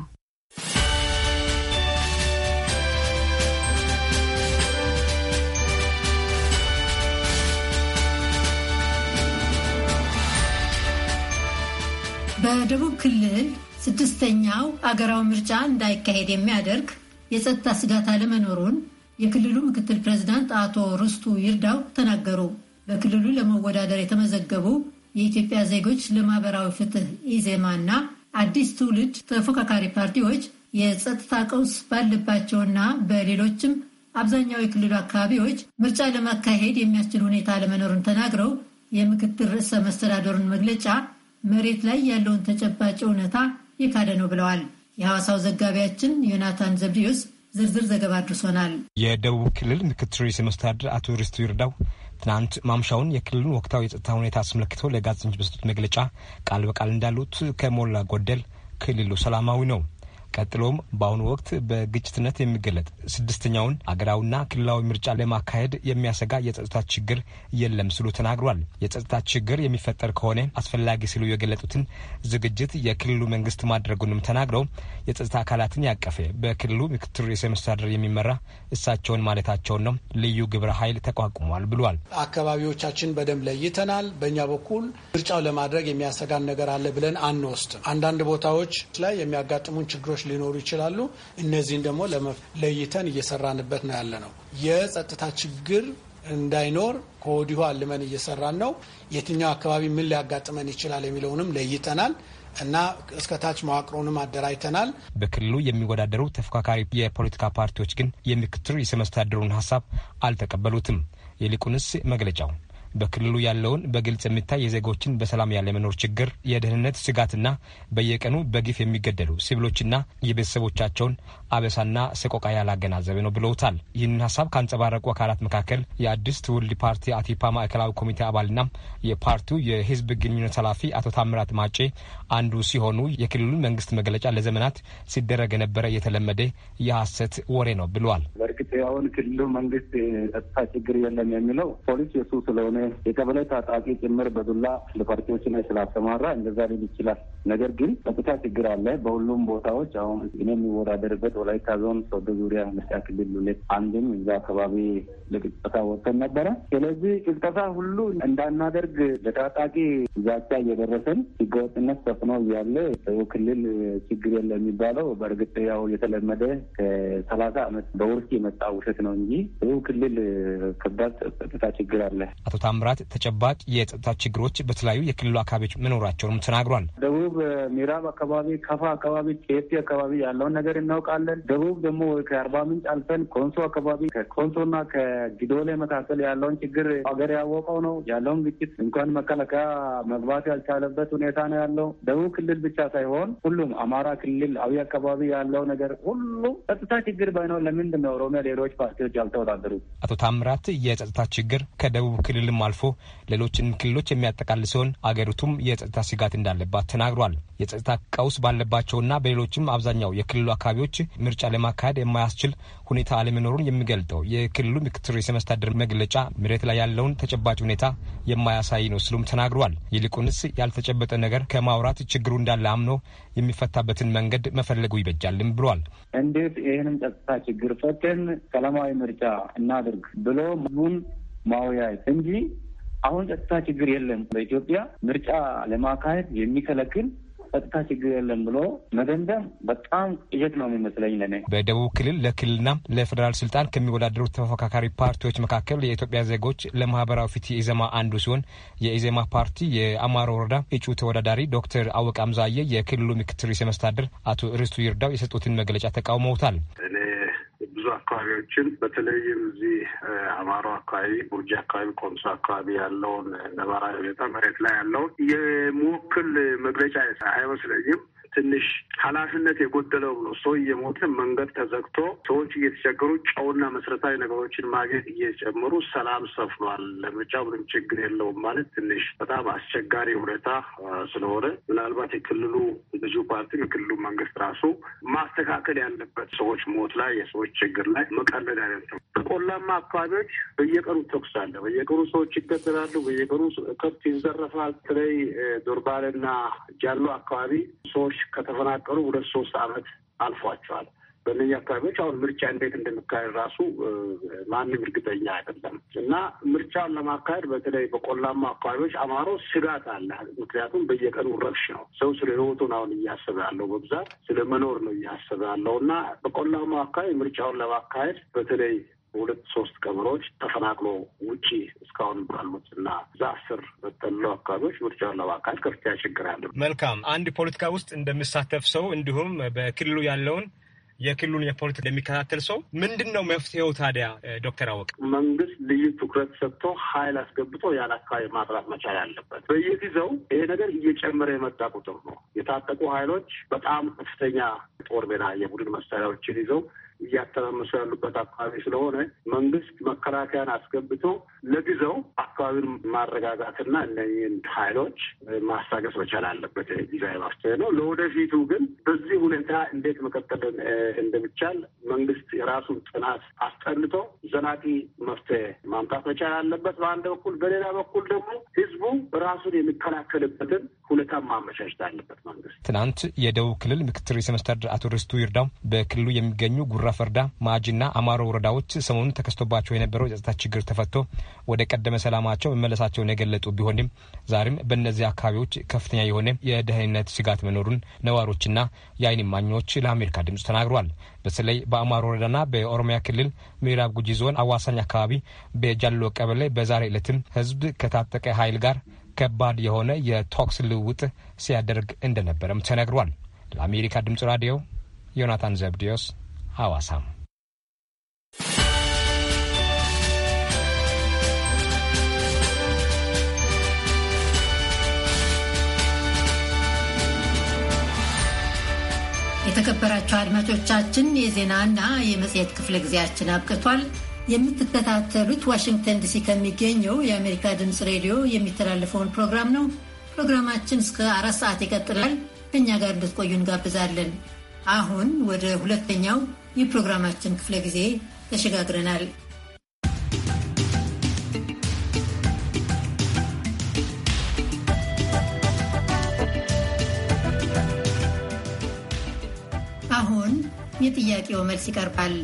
በደቡብ ክልል ስድስተኛው አገራዊ ምርጫ እንዳይካሄድ የሚያደርግ የጸጥታ ስጋት አለመኖሩን የክልሉ ምክትል ፕሬዚዳንት አቶ ርስቱ ይርዳው ተናገሩ። በክልሉ ለመወዳደር የተመዘገቡ የኢትዮጵያ ዜጎች ለማህበራዊ ፍትህ ኢዜማ እና አዲስ ትውልድ ተፎካካሪ ፓርቲዎች የጸጥታ ቀውስ ባለባቸውና በሌሎችም አብዛኛው የክልሉ አካባቢዎች ምርጫ ለማካሄድ የሚያስችል ሁኔታ ለመኖሩን ተናግረው የምክትል ርዕሰ መስተዳደሩን መግለጫ መሬት ላይ ያለውን ተጨባጭ እውነታ የካደ ነው ብለዋል። የሐዋሳው ዘጋቢያችን ዮናታን ዘብዲዮስ ዝርዝር ዘገባ አድርሶናል። የደቡብ ክልል ምክትል ርዕሰ መስተዳድር አቶ ርስቱ ይርዳው ትናንት ማምሻውን የክልሉን ወቅታዊ የጸጥታ ሁኔታ አስመልክቶ ለጋዜጠኞች በሰጡት መግለጫ ቃል በቃል እንዳሉት ከሞላ ጎደል ክልሉ ሰላማዊ ነው። ቀጥሎም በአሁኑ ወቅት በግጭትነት የሚገለጥ ስድስተኛውን አገራዊና ክልላዊ ምርጫ ለማካሄድ የሚያሰጋ የጸጥታ ችግር የለም ሲሉ ተናግሯል። የጸጥታ ችግር የሚፈጠር ከሆነ አስፈላጊ ሲሉ የገለጡትን ዝግጅት የክልሉ መንግስት ማድረጉንም ተናግረው የጸጥታ አካላትን ያቀፈ በክልሉ ምክትል ርዕሰ መስተዳደር የሚመራ እሳቸውን ማለታቸውን ነው ልዩ ግብረ ኃይል ተቋቁሟል ብሏል። አካባቢዎቻችን በደንብ ለይተናል። በእኛ በኩል ምርጫው ለማድረግ የሚያሰጋን ነገር አለ ብለን አንወስድም። አንዳንድ ቦታዎች ላይ የሚያጋጥሙን ችግሮች ሊኖሩ ይችላሉ። እነዚህን ደግሞ ለይተን እየሰራንበት ነው ያለ ነው። የጸጥታ ችግር እንዳይኖር ከወዲሁ አልመን እየሰራን ነው። የትኛው አካባቢ ምን ሊያጋጥመን ይችላል የሚለውንም ለይተናል እና እስከታች መዋቅሮንም አደራጅተናል። በክልሉ የሚወዳደሩ ተፎካካሪ የፖለቲካ ፓርቲዎች ግን የምክትል ርዕሰ ሀሳብ አልተቀበሉትም። ይልቁንስ መግለጫው በክልሉ ያለውን በግልጽ የሚታይ የዜጎችን በሰላም ያለ መኖር ችግር፣ የደህንነት ስጋትና በየቀኑ በግፍ የሚገደሉ ሲቪሎችና የቤተሰቦቻቸውን አበሳና ሰቆቃ ያላገናዘበ ነው ብለውታል። ይህንን ሀሳብ ካንጸባረቁ አካላት መካከል የአዲስ ትውልድ ፓርቲ አቲፓ ማዕከላዊ ኮሚቴ አባልና የፓርቲው የህዝብ ግንኙነት ኃላፊ አቶ ታምራት ማጬ አንዱ ሲሆኑ የክልሉን መንግስት መግለጫ ለዘመናት ሲደረግ የነበረ የተለመደ የሀሰት ወሬ ነው ብለዋል። በእርግጥ አሁን ክልሉ መንግስት ጸጥታ ችግር የለም የሚለው ፖሊስ የሱ ስለሆነ የቀበሌ ታጣቂ ጭምር በዱላ ለፓርቲዎች ላይ ስላሰማራ እንደዛ ሊል ይችላል። ነገር ግን ጸጥታ ችግር አለ በሁሉም ቦታዎች አሁን እኔ የሚወዳደርበት ወላይታ ዞን ሶዶ ዙሪያ ምርጫ ክልል ሁለት አንድም እዛ አካባቢ ለቅስቀሳ ወጥተን ነበረ። ስለዚህ ቅስቀሳ ሁሉ እንዳናደርግ ለታጣቂ ዛቻ እየደረሰን ህገወጥነት ሰፍኖ እያለ ክልል ችግር የለ የሚባለው በእርግጥ ያው የተለመደ ከሰላሳ አመት በውርስ የመጣ ውሸት ነው እንጂ ደቡብ ክልል ከባድ ጸጥታ ችግር አለ። አቶ ታምራት ተጨባጭ የጸጥታ ችግሮች በተለያዩ የክልሉ አካባቢዎች መኖራቸውንም ተናግሯል። ደቡብ ምዕራብ አካባቢ፣ ከፋ አካባቢ፣ ጨፌ አካባቢ ያለውን ነገር እናውቃለን። እናያለን። ደቡብ ደግሞ ከአርባ ምንጭ አልፈን ኮንሶ አካባቢ ከኮንሶና ከጊዶሌ መካከል ያለውን ችግር ሀገር ያወቀው ነው ያለውን ግጭት እንኳን መከላከያ መግባት ያልቻለበት ሁኔታ ነው ያለው። ደቡብ ክልል ብቻ ሳይሆን ሁሉም አማራ ክልል አዊ አካባቢ ያለው ነገር ሁሉም ጸጥታ ችግር ባይኖር ለምንድን ነው ኦሮሚያ ሌሎች ፓርቲዎች ያልተወዳደሩ? አቶ ታምራት የጸጥታ ችግር ከደቡብ ክልልም አልፎ ሌሎችን ክልሎች የሚያጠቃል ሲሆን አገሪቱም የጸጥታ ስጋት እንዳለባት ተናግሯል። የጸጥታ ቀውስ ባለባቸውና በሌሎችም አብዛኛው የክልሉ አካባቢዎች ምርጫ ለማካሄድ የማያስችል ሁኔታ አለመኖሩን የሚገልጠው የክልሉ ምክትል ርዕሰ መስተዳድር መግለጫ መሬት ላይ ያለውን ተጨባጭ ሁኔታ የማያሳይ ነው ስሉም ተናግሯል። ይልቁንስ ያልተጨበጠ ነገር ከማውራት ችግሩ እንዳለ አምኖ የሚፈታበትን መንገድ መፈለጉ ይበጃልም ብሏል። እንዴት ይህንን ጸጥታ ችግር ፈተን ሰላማዊ ምርጫ እናድርግ ብሎ ምን ማውያ እንጂ አሁን ጸጥታ ችግር የለም። በኢትዮጵያ ምርጫ ለማካሄድ የሚከለክል ጸጥታ ችግር የለም ብሎ መደምደም በጣም ቅዠት ነው የሚመስለኝ ለኔ። በደቡብ ክልል ለክልልና ለፌዴራል ስልጣን ከሚወዳደሩት ተፎካካሪ ፓርቲዎች መካከል የኢትዮጵያ ዜጎች ለማህበራዊ ፍትህ ኢዜማ አንዱ ሲሆን የኢዜማ ፓርቲ የአማሮ ወረዳ እጩ ተወዳዳሪ ዶክተር አወቅ አምዛዬ የክልሉ ምክትል ርዕሰ መስተዳድር አቶ ርስቱ ይርዳው የሰጡትን መግለጫ ተቃውመውታል። እኔ ብዙ አካባቢዎችን በተለይም እዚህ አማሮ አካባቢ፣ ቡርጂ አካባቢ፣ ኮንሶ አካባቢ ያለውን ነባራዊ ሁኔታ መሬት ላይ ያለውን የሚወክል መግለጫ አይመስለኝም። ትንሽ ኃላፊነት የጎደለው ነው። ሰው እየሞተ መንገድ ተዘግቶ ሰዎች እየተቸገሩ ጨውና መሰረታዊ ነገሮችን ማግኘት እየጨመሩ ሰላም ሰፍኗል። ለምርጫ ምንም ችግር የለውም ማለት ትንሽ በጣም አስቸጋሪ ሁኔታ ስለሆነ ምናልባት የክልሉ ብዙ ፓርቲ የክልሉ መንግስት ራሱ ማስተካከል ያለበት ሰዎች ሞት ላይ የሰዎች ችግር ላይ መቀለድ አይነት ነው። ቆላማ አካባቢዎች በየቀኑ ተኩስ አለ። በየቀኑ ሰዎች ይገደላሉ። በየቀኑ ከብት ይዘረፋል። በተለይ ዶርባልና ጃሎ አካባቢ ሰዎች ከተፈናቀሉ ሁለት ሶስት አመት አልፏቸዋል። በእነኛ አካባቢዎች አሁን ምርጫ እንዴት እንደሚካሄድ ራሱ ማንም እርግጠኛ አይደለም እና ምርጫውን ለማካሄድ በተለይ በቆላማ አካባቢዎች አማሮ ስጋት አለ። ምክንያቱም በየቀኑ ረብሽ ነው። ሰው ስለ ህይወቱን አሁን እያሰበ ያለው በብዛት ስለ መኖር ነው እያሰበ ያለው እና በቆላማ አካባቢ ምርጫውን ለማካሄድ በተለይ ሁለት ሶስት ቀበሮች ተፈናቅሎ ውጪ እስካሁን ባሉት እና እዛ አስር በተሉ አካባቢዎች ምርጫ ያለው አካል ከፍተኛ ችግር አለ። መልካም አንድ ፖለቲካ ውስጥ እንደሚሳተፍ ሰው እንዲሁም በክልሉ ያለውን የክልሉን የፖለቲካ እንደሚከታተል ሰው ምንድን ነው መፍትሄው ታዲያ? ዶክተር አወቅ መንግስት ልዩ ትኩረት ሰጥቶ ኃይል አስገብቶ ያን አካባቢ ማጥራት መቻል አለበት። በየጊዜው ይሄ ነገር እየጨመረ የመጣ ቁጥር ነው። የታጠቁ ኃይሎች በጣም ከፍተኛ ጦር ሜዳ የቡድን መሳሪያዎችን ይዘው እያተራመሱ ያሉበት አካባቢ ስለሆነ መንግስት መከላከያን አስገብቶ ለጊዜው አካባቢውን ማረጋጋትና እነዚህን ኃይሎች ማስታገስ መቻል አለበት። ጊዜያዊ መፍትሄ ነው። ለወደፊቱ ግን በዚህ ሁኔታ እንዴት መቀጠል እንደሚቻል መንግስት የራሱን ጥናት አስጠንቶ ዘላቂ መፍትሄ ማምጣት መቻል አለበት በአንድ በኩል፣ በሌላ በኩል ደግሞ ህዝቡ ራሱን የሚከላከልበትን ሁኔታ ማመቻቸት አለበት መንግስት። ትናንት የደቡብ ክልል ምክትል ርዕሰ መስተዳድር አቶ ርስቱ ይርዳው በክልሉ የሚገኙ ጉራ ፈርዳ፣ ማጂና አማሮ ወረዳዎች ሰሞኑን ተከስቶባቸው የነበረው የጸጥታ ችግር ተፈቶ ወደ ቀደመ ሰላማቸው መመለሳቸውን የገለጡ ቢሆንም ዛሬም በእነዚህ አካባቢዎች ከፍተኛ የሆነ የደህንነት ስጋት መኖሩን ነዋሪዎችና የአይን እማኞች ለአሜሪካ ድምጽ ተናግሯል። በተለይ በአማሮ ወረዳና በኦሮሚያ ክልል ምዕራብ ጉጂ ዞን አዋሳኝ አካባቢ በጃሎ ቀበሌ በዛሬ ዕለትም ህዝብ ከታጠቀ ኃይል ጋር ከባድ የሆነ የቶክስ ልውውጥ ሲያደርግ እንደነበረም ተነግሯል። ለአሜሪካ ድምጽ ራዲዮ ዮናታን ዘብዲዮስ ሐዋሳም የተከበራቸው አድማጮቻችን የዜናና የመጽሔት ክፍለ ጊዜያችን አብቅቷል። የምትከታተሉት ዋሽንግተን ዲሲ ከሚገኘው የአሜሪካ ድምፅ ሬዲዮ የሚተላለፈውን ፕሮግራም ነው። ፕሮግራማችን እስከ አራት ሰዓት ይቀጥላል። ከእኛ ጋር እንድትቆዩ እንጋብዛለን። አሁን ወደ ሁለተኛው የፕሮግራማችን ክፍለ ጊዜ ተሸጋግረናል። አሁን የጥያቄው መልስ ይቀርባል።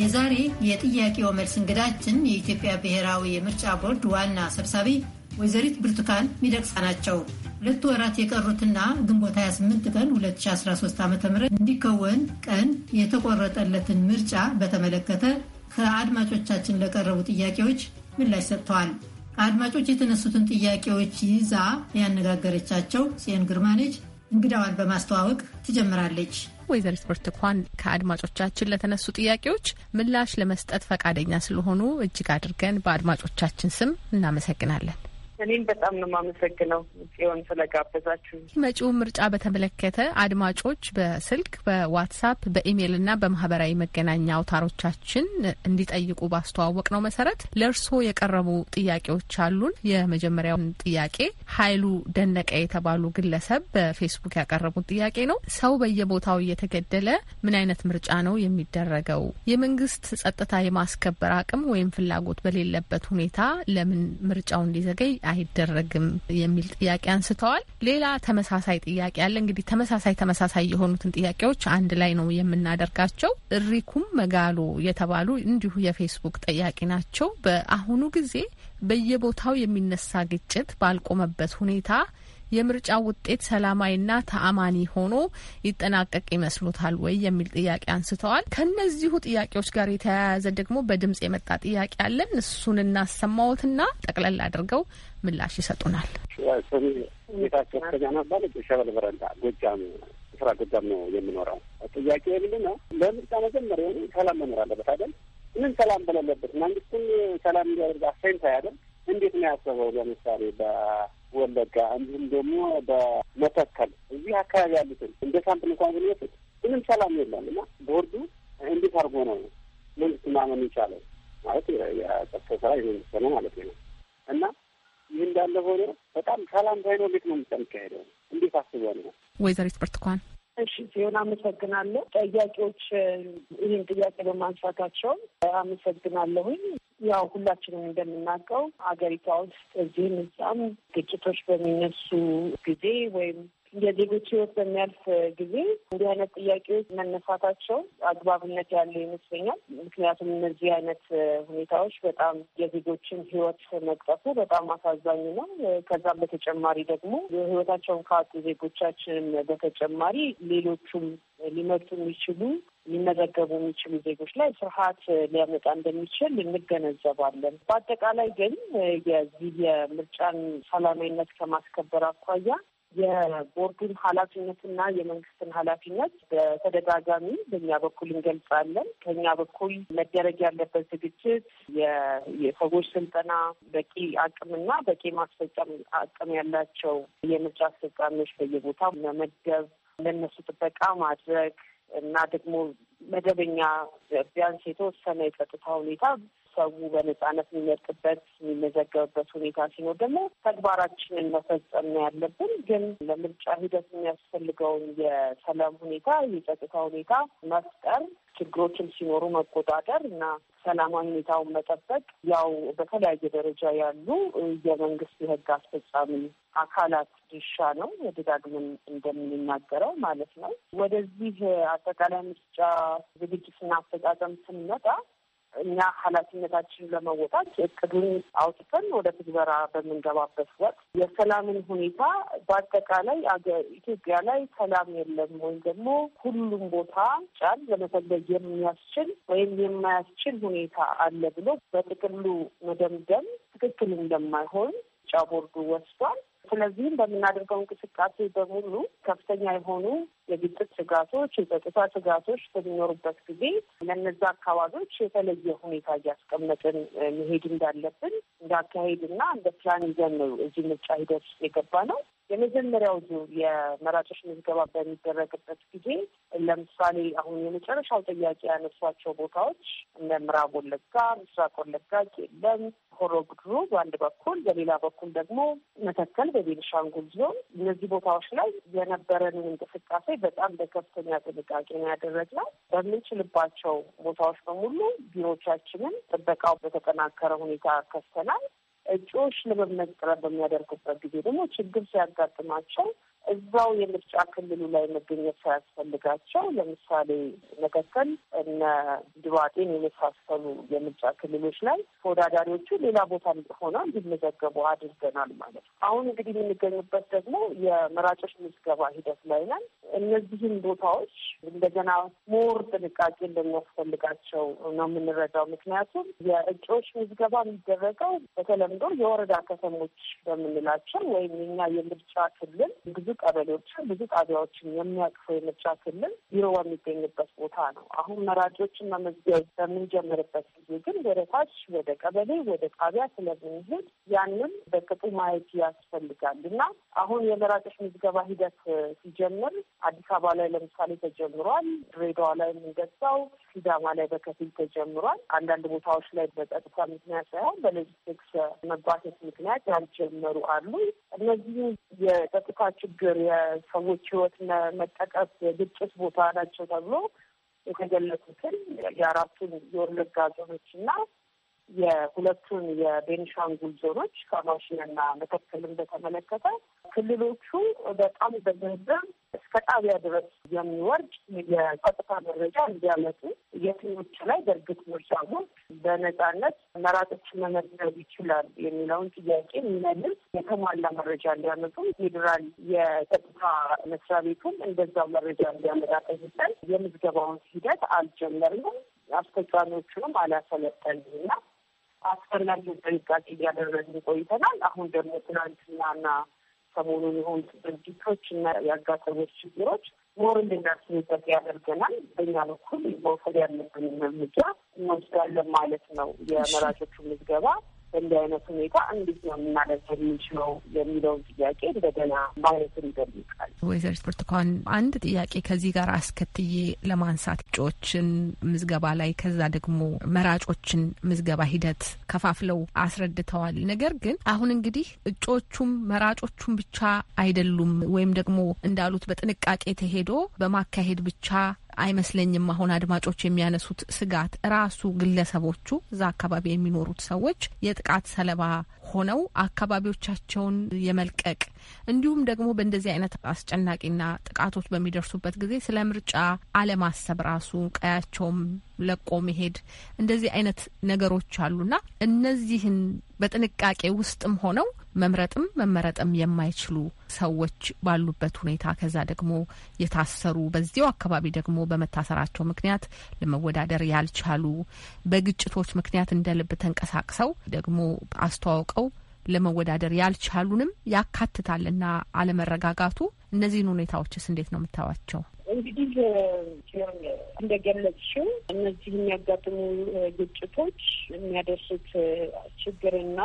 የዛሬ የጥያቄው መልስ እንግዳችን የኢትዮጵያ ብሔራዊ የምርጫ ቦርድ ዋና ሰብሳቢ ወይዘሪት ብርቱካን ሚደቅሳ ናቸው። ሁለት ወራት የቀሩትና ግንቦት 28 ቀን 2013 ዓ ም እንዲከወን ቀን የተቆረጠለትን ምርጫ በተመለከተ ከአድማጮቻችን ለቀረቡ ጥያቄዎች ምላሽ ሰጥተዋል። ከአድማጮች የተነሱትን ጥያቄዎች ይዛ ያነጋገረቻቸው ጽዮን ግርማ ነች። እንግዳዋን በማስተዋወቅ ትጀምራለች። ወይዘሪት ብርቱካን ከአድማጮቻችን ለተነሱ ጥያቄዎች ምላሽ ለመስጠት ፈቃደኛ ስለሆኑ እጅግ አድርገን በአድማጮቻችን ስም እናመሰግናለን። እኔም በጣም ነው የማመሰግነው ጽዮን ስለጋበዛችሁ። መጪውን ምርጫ በተመለከተ አድማጮች በስልክ በዋትሳፕ በኢሜይል እና በማህበራዊ መገናኛ አውታሮቻችን እንዲጠይቁ ባስተዋወቅ ነው መሰረት ለእርስዎ የቀረቡ ጥያቄዎች አሉን። የመጀመሪያውን ጥያቄ ሀይሉ ደነቀ የተባሉ ግለሰብ በፌስቡክ ያቀረቡት ጥያቄ ነው። ሰው በየቦታው እየተገደለ ምን አይነት ምርጫ ነው የሚደረገው? የመንግስት ጸጥታ የማስከበር አቅም ወይም ፍላጎት በሌለበት ሁኔታ ለምን ምርጫው እንዲዘገይ አይደረግም የሚል ጥያቄ አንስተዋል። ሌላ ተመሳሳይ ጥያቄ አለ። እንግዲህ ተመሳሳይ ተመሳሳይ የሆኑትን ጥያቄዎች አንድ ላይ ነው የምናደርጋቸው። እሪኩም መጋሎ የተባሉ እንዲሁ የፌስቡክ ጠያቂ ናቸው። በአሁኑ ጊዜ በየቦታው የሚነሳ ግጭት ባልቆመበት ሁኔታ የምርጫው ውጤት ሰላማዊና ተአማኒ ሆኖ ይጠናቀቅ ይመስሉታል ወይ የሚል ጥያቄ አንስተዋል። ከነዚሁ ጥያቄዎች ጋር የተያያዘ ደግሞ በድምጽ የመጣ ጥያቄ አለን። እሱን እናሰማዎትና ጠቅለል አድርገው ምላሽ ይሰጡናል። ስሜ ጌታቸው ተገና ሸበል በረንዳ ጎጃም ስራ ጎጃም ነው የምኖረው። ጥያቄ ምንድን ነው? በምርጫ መጀመሪያ ሰላም መኖር አለበት አይደል? ምን ሰላም በሌለበት መንግስትም ሰላም እንዲያደርግ አሳይን ሳያደርግ እንዴት ነው ያሰበው? ለምሳሌ በ ወለጋ፣ እንዲሁም ደግሞ በመተከል እዚህ አካባቢ ያሉትን እንደ ሳምፕል እንኳን ብንወስድ ምንም ሰላም የለም እና ቦርዱ እንዴት አድርጎ ነው መንግስት ማመን ይቻለው ማለት የጸጥታ ስራ የመንግስት ነው ማለት ነው እና ይህ እንዳለ ሆኖ በጣም ሰላም ባይኖር እንዴት ነው የሚካሄደው? እንዴት አስበ ነው? ወይዘሪት ብርቱካን እሺ ሲሆን አመሰግናለሁ። ጠያቂዎች ይህን ጥያቄ በማንሳታቸው አመሰግናለሁኝ። ያው ሁላችንም እንደምናውቀው አገሪቷ ውስጥ እዚህም እዛም ግጭቶች በሚነሱ ጊዜ ወይም የዜጎች ህይወት በሚያልፍ ጊዜ እንዲህ አይነት ጥያቄዎች መነሳታቸው አግባብነት ያለው ይመስለኛል። ምክንያቱም እነዚህ አይነት ሁኔታዎች በጣም የዜጎችን ህይወት መቅጠፉ በጣም አሳዛኝ ነው። ከዛም በተጨማሪ ደግሞ ህይወታቸውን ካጡ ዜጎቻችንም በተጨማሪ ሌሎቹም ሊመጡ የሚችሉ ሊመዘገቡ የሚችሉ ዜጎች ላይ ፍርሃት ሊያመጣ እንደሚችል እንገነዘባለን። በአጠቃላይ ግን የዚህ የምርጫን ሰላማዊነት ከማስከበር አኳያ የቦርዱን ኃላፊነትና የመንግስትን ኃላፊነት በተደጋጋሚ በእኛ በኩል እንገልጻለን። ከኛ በኩል መደረግ ያለበት ዝግጅት የሰዎች ስልጠና፣ በቂ አቅምና በቂ ማስፈጸም አቅም ያላቸው የምርጫ አስፈጻሚዎች በየቦታው መመደብ፣ ለነሱ ጥበቃ ማድረግ እና ደግሞ መደበኛ ቢያንስ የተወሰነ የጸጥታ ሁኔታ ሰው በነጻነት የሚመርጥበት የሚመዘገብበት ሁኔታ ሲኖር ደግሞ ተግባራችንን መፈጸም ነው ያለብን። ግን ለምርጫ ሂደት የሚያስፈልገውን የሰላም ሁኔታ፣ የጸጥታ ሁኔታ መፍጠር፣ ችግሮችም ሲኖሩ መቆጣጠር እና ሰላማዊ ሁኔታውን መጠበቅ ያው በተለያየ ደረጃ ያሉ የመንግስት የህግ አስፈጻሚ አካላት ድርሻ ነው። ደጋግመን እንደምንናገረው ማለት ነው። ወደዚህ አጠቃላይ ምርጫ ዝግጅትና አፈጻጸም ስንመጣ እኛ ኃላፊነታችን ለመወጣት እቅዱን አውጥተን ወደ ትግበራ በምንገባበት ወቅት የሰላምን ሁኔታ በአጠቃላይ ኢትዮጵያ ላይ ሰላም የለም ወይም ደግሞ ሁሉም ቦታ ጫን ለመፈለግ የሚያስችል ወይም የማያስችል ሁኔታ አለ ብሎ በጥቅሉ መደምደም ትክክል እንደማይሆን ምርጫ ቦርዱ ወስዷል። ስለዚህም በምናደርገው እንቅስቃሴ በሙሉ ከፍተኛ የሆኑ የግጭት ስጋቶች፣ የጸጥታ ስጋቶች በሚኖሩበት ጊዜ ለነዛ አካባቢዎች የተለየ ሁኔታ እያስቀመጥን መሄድ እንዳለብን እና እንደ ፕላን ይዘን ነው እዚህ ምርጫ ሂደት የገባ ነው። የመጀመሪያው ዙር የመራጮች ምዝገባ በሚደረግበት ጊዜ ለምሳሌ አሁን የመጨረሻው ጥያቄ ያነሷቸው ቦታዎች እንደ ምዕራብ ወለጋ፣ ምስራቅ ወለጋ፣ ቄለም፣ ሆሮ ጉድሩ በአንድ በኩል በሌላ በኩል ደግሞ መተከል በቤንሻንጉል ዞን እነዚህ ቦታዎች ላይ የነበረንን እንቅስቃሴ በጣም በከፍተኛ ጥንቃቄ ነው ያደረግነው። በምንችልባቸው ቦታዎች በሙሉ ቢሮቻችንን ጥበቃው በተጠናከረ ሁኔታ ከፍተናል። እጩዎች ለመመዝገብ በሚያደርጉበት ጊዜ ደግሞ ችግር ሲያጋጥማቸው እዛው የምርጫ ክልሉ ላይ መገኘት ሳያስፈልጋቸው ለምሳሌ መተከል እነ ድባጤን የመሳሰሉ የምርጫ ክልሎች ላይ ተወዳዳሪዎቹ ሌላ ቦታ ሆነው እንዲመዘገቡ አድርገናል ማለት ነው። አሁን እንግዲህ የምንገኙበት ደግሞ የመራጮች ምዝገባ ሂደት ላይ ነን። እነዚህም ቦታዎች እንደገና ሞር ጥንቃቄ እንደሚያስፈልጋቸው ነው የምንረዳው። ምክንያቱም የእጩዎች ምዝገባ የሚደረገው በተለ በተለምዶ የወረዳ ከተሞች በምንላቸው ወይም የኛ የምርጫ ክልል ብዙ ቀበሌዎችን ብዙ ጣቢያዎችን የሚያቅፈው የምርጫ ክልል ቢሮ የሚገኝበት ቦታ ነው። አሁን መራጮችን መመዝገብ በምንጀምርበት ጊዜ ግን ወደ ታች ወደ ቀበሌ ወደ ጣቢያ ስለምንሄድ ያንን በቅጡ ማየት ያስፈልጋል እና አሁን የመራጮች ምዝገባ ሂደት ሲጀምር አዲስ አበባ ላይ ለምሳሌ ተጀምሯል። ድሬዳዋ ላይ የምንገዛው ሲዳማ ላይ በከፊል ተጀምሯል። አንዳንድ ቦታዎች ላይ በጸጥታ ምክንያት ሳይሆን በሎጂስቲክስ መጓተት ምክንያት ያልጀመሩ አሉ። እነዚህ የጸጥታ ችግር፣ የሰዎች ህይወት መጠቀፍ፣ የግጭት ቦታ ናቸው ተብሎ የተገለጹትን የአራቱን የወለጋ ዞኖች እና የሁለቱን የቤኒሻንጉል ዞኖች ከማሽንና መተከልን በተመለከተ ክልሎቹ በጣም በዝርዝር እስከ ጣቢያ ድረስ የሚወርድ የጸጥታ መረጃ እንዲያመጡ የትኞቹ ላይ በእርግጥ ምርጫውን በነጻነት መራጮች መመዝገብ ይችላል የሚለውን ጥያቄ የሚመልስ የተሟላ መረጃ እንዲያመጡ ፌዴራል የጸጥታ መስሪያ ቤቱም እንደዛው መረጃ እንዲያመጣ ጠይቀን የምዝገባውን ሂደት አልጀመርንም። አስፈጻሚዎቹንም አላሰለጠንም እና አስፈላጊውን ጥንቃቄ እያደረግን ቆይተናል። አሁን ደግሞ ትናንትናና ሰሞኑን የሆኑ ድርጊቶች እና ያጋጠሙት ችግሮች ኖር እንድናስብበት ያደርገናል። በኛ በኩል መውሰድ ያለብን እርምጃ እንወስዳለን ማለት ነው። የመራጮቹ ምዝገባ በእንዲህ አይነት ሁኔታ እንዴት ነው የምናደርግ የምንችለው የሚለውን ጥያቄ እንደገና ማየትን ይጠይቃል። ወይዘሪት ብርቱካን አንድ ጥያቄ ከዚህ ጋር አስከትዬ ለማንሳት እጩዎችን ምዝገባ ላይ ከዛ ደግሞ መራጮችን ምዝገባ ሂደት ከፋፍለው አስረድተዋል። ነገር ግን አሁን እንግዲህ እጩዎቹም መራጮቹም ብቻ አይደሉም ወይም ደግሞ እንዳሉት በጥንቃቄ ተሄዶ በማካሄድ ብቻ አይመስለኝም። አሁን አድማጮች የሚያነሱት ስጋት ራሱ ግለሰቦቹ እዛ አካባቢ የሚኖሩት ሰዎች የጥቃት ሰለባ ሆነው አካባቢዎቻቸውን የመልቀቅ እንዲሁም ደግሞ በእንደዚህ አይነት አስጨናቂና ጥቃቶች በሚደርሱበት ጊዜ ስለ ምርጫ አለማሰብ ራሱ ቀያቸውም ለቆ መሄድ እንደዚህ አይነት ነገሮች አሉና እነዚህን በጥንቃቄ ውስጥም ሆነው መምረጥም መመረጥም የማይችሉ ሰዎች ባሉበት ሁኔታ ከዛ ደግሞ የታሰሩ በዚያው አካባቢ ደግሞ በመታሰራቸው ምክንያት ለመወዳደር ያልቻሉ በግጭቶች ምክንያት እንደ ልብ ተንቀሳቅሰው ደግሞ አስተዋውቀው ለመወዳደር ያልቻሉንም ያካትታል እና አለመረጋጋቱ እነዚህን ሁኔታዎችስ እንዴት ነው የምታዋቸው? እንግዲህ እንደገለጽሽው እነዚህ የሚያጋጥሙ ግጭቶች የሚያደርሱት ችግርና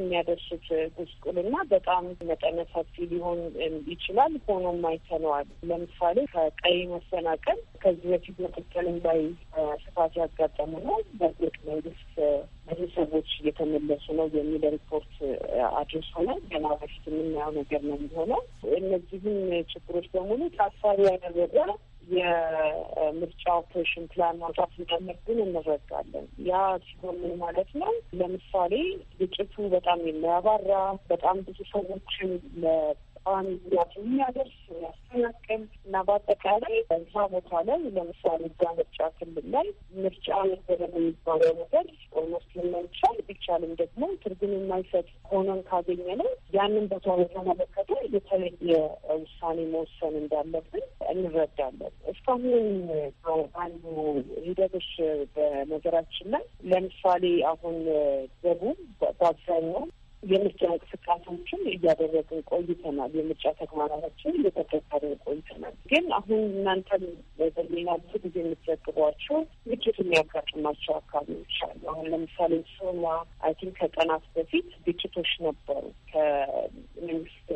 የሚያደርሱት ጉስቁልና በጣም መጠነ ሰፊ ሊሆን ይችላል። ሆኖም አይተነዋል። ለምሳሌ ከቀይ መሰናቀል ከዚህ በፊት መቀጠልን ላይ ስፋት ያጋጠሙ ነው በጎጥ መንግስት ብዙ ሰዎች እየተመለሱ ነው የሚል ሪፖርት አድርሶናል። ገና በፊት የምናየው ነገር ነው የሚሆነው። እነዚህም ችግሮች በሙሉ ታሳቢ ያደረገ የምርጫ ኦፕሬሽን ፕላን ማውጣት እንዳለብን እንረዳለን። ያ ሲሆን ምን ማለት ነው? ለምሳሌ ግጭቱ በጣም የሚያባራ በጣም ብዙ ሰዎችን ተቃዋሚ ዙሪያችን የሚያደርስ የሚያስተናቅል እና በአጠቃላይ እዛ ቦታ ላይ ለምሳሌ እዛ ምርጫ ክልል ላይ ምርጫ ነበረ የሚባለው ነገር ኦልሞስት ልመንቻል ቢቻልም ደግሞ ትርጉም የማይሰጥ ሆነን ካገኘ ነው ያንን ቦታ በተመለከተ የተለየ ውሳኔ መወሰን እንዳለብን እንረዳለን። እስካሁን አንዱ ሂደቶች በነገራችን ላይ ለምሳሌ አሁን ደቡብ በአብዛኛው የምርጫ እንቅስቃሴዎችን እያደረግን ቆይተናል። የምርጫ ተግባራችን እየተከታተልን ቆይተናል። ግን አሁን እናንተም በሌላ ብዙ ጊዜ የምትዘግቧቸው ግጭት የሚያጋጥማቸው አካባቢዎች አሉ። አሁን ለምሳሌ ሶማ አይ ቲንክ ከቀናት በፊት ግጭቶች ነበሩ ከመንግስት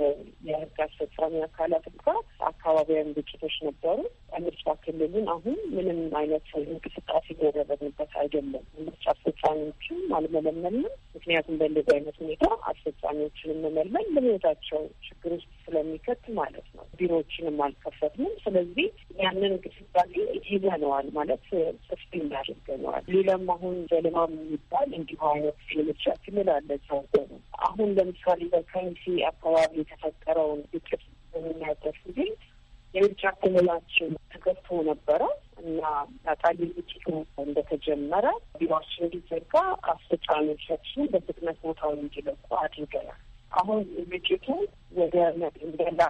የህግ አስፈጻሚ አካላት ጋር አካባቢያን ግጭቶች ነበሩ። ምርጫ ክልሉን አሁን ምንም አይነት እንቅስቃሴ እያደረግንበት አይደለም። ምርጫ አስፈጻሚዎችም አልመለመልንም። ምክንያቱም በእንደዚህ አይነት ሁኔታ አስፈጻሚዎችንም መመልመል ለህይወታቸው ችግር ውስጥ ስለሚከት ማለት ነው። ቢሮዎችንም አልከፈትንም። ስለዚህ ያንን እንቅስቃሴ ይዘነዋል ማለት ሰፊ እንዳደርገነዋል። ሌላም አሁን ዘለማም የሚባል እንዲሁ አይነት ፊልሞች ክልል ሰው አሁን ለምሳሌ በከሚሴ አካባቢ የተፈጠረውን ግጭት በምናደርስ ጊዜ የምርጫ ክልላችን ተከፍቶ ነበረ። እና ክሊኒክ እንደተጀመረ ቢሮችን እንዲዘጋ አስፈጻሚዎቻችን በፍጥነት ቦታው እንዲለቁ አድርገናል። አሁን ግጭቱ ወደ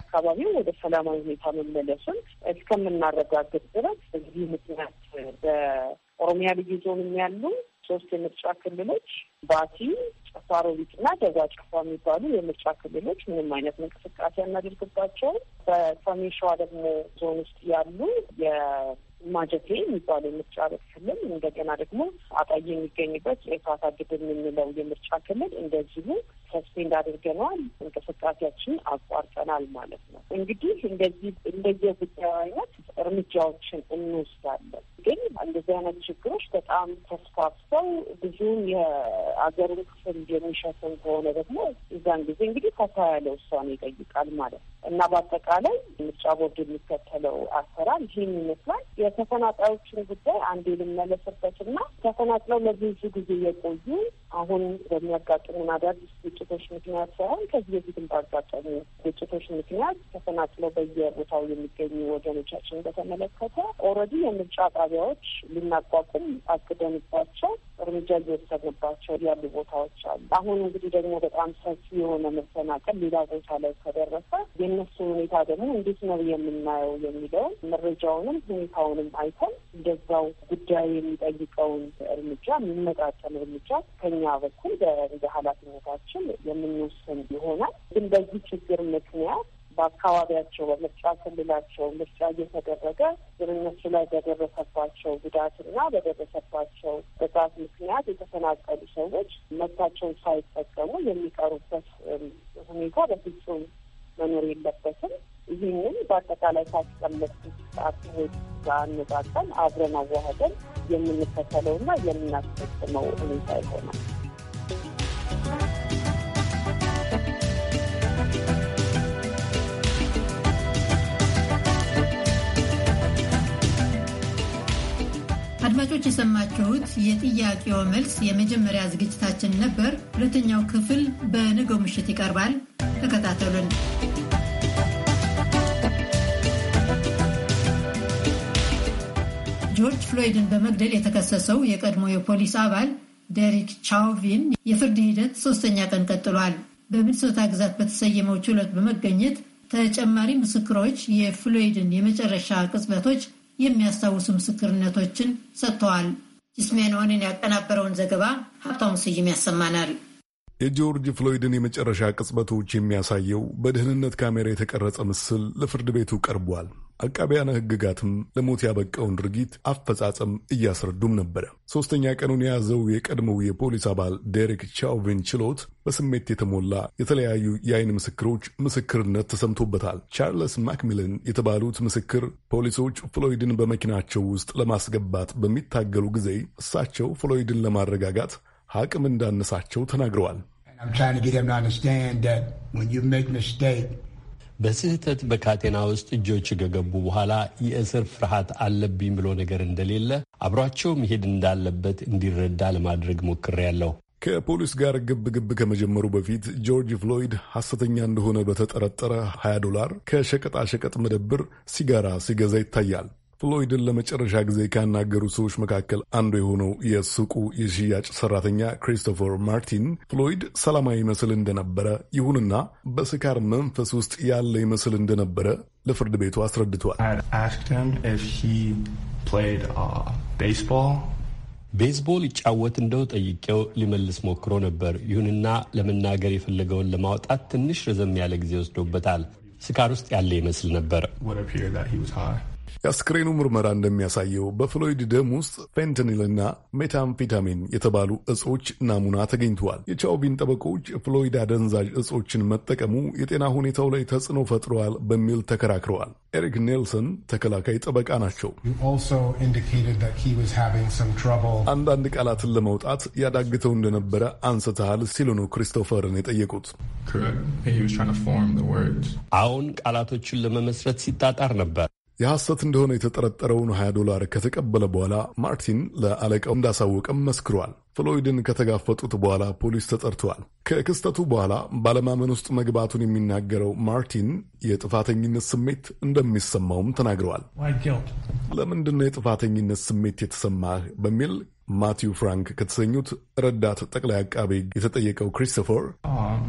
አካባቢ ወደ ሰላማዊ ሁኔታ መመለሱን እስከምናረጋግጥ ድረስ በዚህ ምክንያት በኦሮሚያ ልዩ ዞንም ያሉ ሶስት የምርጫ ክልሎች ባቲ፣ ሳሮቢትና ደጋ ጨፋ የሚባሉ የምርጫ ክልሎች ምንም አይነት እንቅስቃሴ አናደርግባቸው በሰሜን ሸዋ ደግሞ ዞን ውስጥ ያሉ የማጀቴ የሚባሉ የምርጫ ክልል እንደገና ደግሞ አጣይ የሚገኝበት የእሳታ ግድብ የምንለው የምርጫ ክልል እንደዚሁ ሰስፔንድ አድርገነዋል፣ እንቅስቃሴያችን አቋርጠናል ማለት ነው። እንግዲህ እንደዚህ እንደየ ጉዳዩ አይነት እርምጃዎችን እንወስዳለን። ግን እንደዚህ አይነት ችግሮች በጣም ተስፋፍተው ብዙም የአገሩን ክፍል የሚሸፍን ከሆነ ደግሞ እዛን ጊዜ እንግዲህ ከታ ያለ ውሳኔ ይጠይቃል ማለት ነው እና በአጠቃላይ ምርጫ ቦርድ የሚከተለው አሰራር ይህን ይመስላል። የተፈናቃዮችን ጉዳይ አንዴ ልመለስበት እና ተፈናቅለው ለብዙ ጊዜ የቆዩ አሁን በሚያጋጥሙን አዳዲስ ግጭቶች ምክንያት ሳይሆን ከዚህ በፊትም ባጋጠሙ ግጭቶች ምክንያት ተፈናቅለው በየቦታው የሚገኙ ወገኖቻችን በተመለከተ ኦልሬዲ የምርጫ ጣቢያዎች ልናቋቁም አቅደንባቸው እርምጃ እየወሰድንባቸው ያሉ ቦታዎች አሁን እንግዲህ ደግሞ በጣም ሰፊ የሆነ መሰናቀል ሌላ ቦታ ላይ ከደረሰ የእነሱ ሁኔታ ደግሞ እንዴት ነው የምናየው የሚለውን መረጃውንም ሁኔታውንም አይተን እንደዛው ጉዳይ የሚጠይቀውን እርምጃ የሚመጣጠን እርምጃ ከኛ በኩል እንደ ኃላፊነታችን የምንወስን ይሆናል። ግን በዚህ ችግር ምክንያት በአካባቢያቸው በምርጫ ክልላቸው ምርጫ እየተደረገ እነሱ ላይ በደረሰባቸው ጉዳትና በደረሰባቸው ጥቃት ምክንያት የተፈናቀሉ ሰዎች መብታቸውን ሳይጠቀሙ የሚቀሩበት ሁኔታ በፍጹም መኖር የለበትም። ይህንን በአጠቃላይ ካስቀመጥኩት አካሄድ ጋር አነጣጠን አብረን አዋህደን የምንከተለውና የምናስፈጽመው ሁኔታ ይሆናል። አድማጮች የሰማችሁት የጥያቄው መልስ የመጀመሪያ ዝግጅታችን ነበር። ሁለተኛው ክፍል በነገው ምሽት ይቀርባል። ተከታተሉን። ጆርጅ ፍሎይድን በመግደል የተከሰሰው የቀድሞ የፖሊስ አባል ዴሪክ ቻውቪን የፍርድ ሂደት ሶስተኛ ቀን ቀጥሏል። በሚኒሶታ ግዛት በተሰየመው ችሎት በመገኘት ተጨማሪ ምስክሮች የፍሎይድን የመጨረሻ ቅጽበቶች የሚያስታውሱ ምስክርነቶችን ሰጥተዋል። ጂስሜንሆንን ያቀናበረውን ዘገባ ሀብታሙ ስይም ያሰማናል። የጆርጅ ፍሎይድን የመጨረሻ ቅጽበቶች የሚያሳየው በደህንነት ካሜራ የተቀረጸ ምስል ለፍርድ ቤቱ ቀርቧል። አቃቢያነ ሕግጋትም ለሞት ያበቃውን ድርጊት አፈጻጸም እያስረዱም ነበረ። ሦስተኛ ቀኑን የያዘው የቀድሞው የፖሊስ አባል ዴሪክ ቻውቪን ችሎት በስሜት የተሞላ የተለያዩ የአይን ምስክሮች ምስክርነት ተሰምቶበታል። ቻርለስ ማክሚልን የተባሉት ምስክር ፖሊሶች ፍሎይድን በመኪናቸው ውስጥ ለማስገባት በሚታገሉ ጊዜ እሳቸው ፍሎይድን ለማረጋጋት አቅም እንዳነሳቸው ተናግረዋል። በስህተት በካቴና ውስጥ እጆች ከገቡ በኋላ የእስር ፍርሃት አለብኝ ብሎ ነገር እንደሌለ አብሯቸው መሄድ እንዳለበት እንዲረዳ ለማድረግ ሞክሬያለሁ። ከፖሊስ ጋር ግብ ግብ ከመጀመሩ በፊት ጆርጅ ፍሎይድ ሐሰተኛ እንደሆነ በተጠረጠረ 20 ዶላር ከሸቀጣሸቀጥ መደብር ሲጋራ ሲገዛ ይታያል። ፍሎይድን ለመጨረሻ ጊዜ ካናገሩ ሰዎች መካከል አንዱ የሆነው የሱቁ የሽያጭ ሰራተኛ ክሪስቶፈር ማርቲን ፍሎይድ ሰላማዊ መስል እንደነበረ፣ ይሁንና በስካር መንፈስ ውስጥ ያለ ይመስል እንደነበረ ለፍርድ ቤቱ አስረድቷል። uh, ቤዝቦል ይጫወት እንደው ጠይቄው ሊመልስ ሞክሮ ነበር። ይሁንና ለመናገር የፈለገውን ለማውጣት ትንሽ ረዘም ያለ ጊዜ ወስዶበታል። ስካር ውስጥ ያለ ይመስል ነበር። የአስክሬኑ ምርመራ እንደሚያሳየው በፍሎይድ ደም ውስጥ ፌንትኒልና ሜታምፌታሚን የተባሉ እጾች ናሙና ተገኝተዋል። የቻውቢን ጠበቆች ፍሎይድ አደንዛዥ እጾችን መጠቀሙ የጤና ሁኔታው ላይ ተጽዕኖ ፈጥረዋል በሚል ተከራክረዋል። ኤሪክ ኔልሰን ተከላካይ ጠበቃ ናቸው። አንዳንድ ቃላትን ለመውጣት ያዳግተው እንደነበረ አንስተሃል ሲሉ ነው ክሪስቶፈርን የጠየቁት። አሁን ቃላቶችን ለመመስረት ሲጣጣር ነበር። የሐሰት እንደሆነ የተጠረጠረውን 20 ዶላር ከተቀበለ በኋላ ማርቲን ለአለቃው እንዳሳወቀም መስክሯል። ፍሎይድን ከተጋፈጡት በኋላ ፖሊስ ተጠርተዋል። ከክስተቱ በኋላ ባለማመን ውስጥ መግባቱን የሚናገረው ማርቲን የጥፋተኝነት ስሜት እንደሚሰማውም ተናግረዋል። ለምንድነው የጥፋተኝነት ስሜት የተሰማህ በሚል ማቲዩ ፍራንክ ከተሰኙት ረዳት ጠቅላይ አቃቤ የተጠየቀው ክሪስቶፈር um,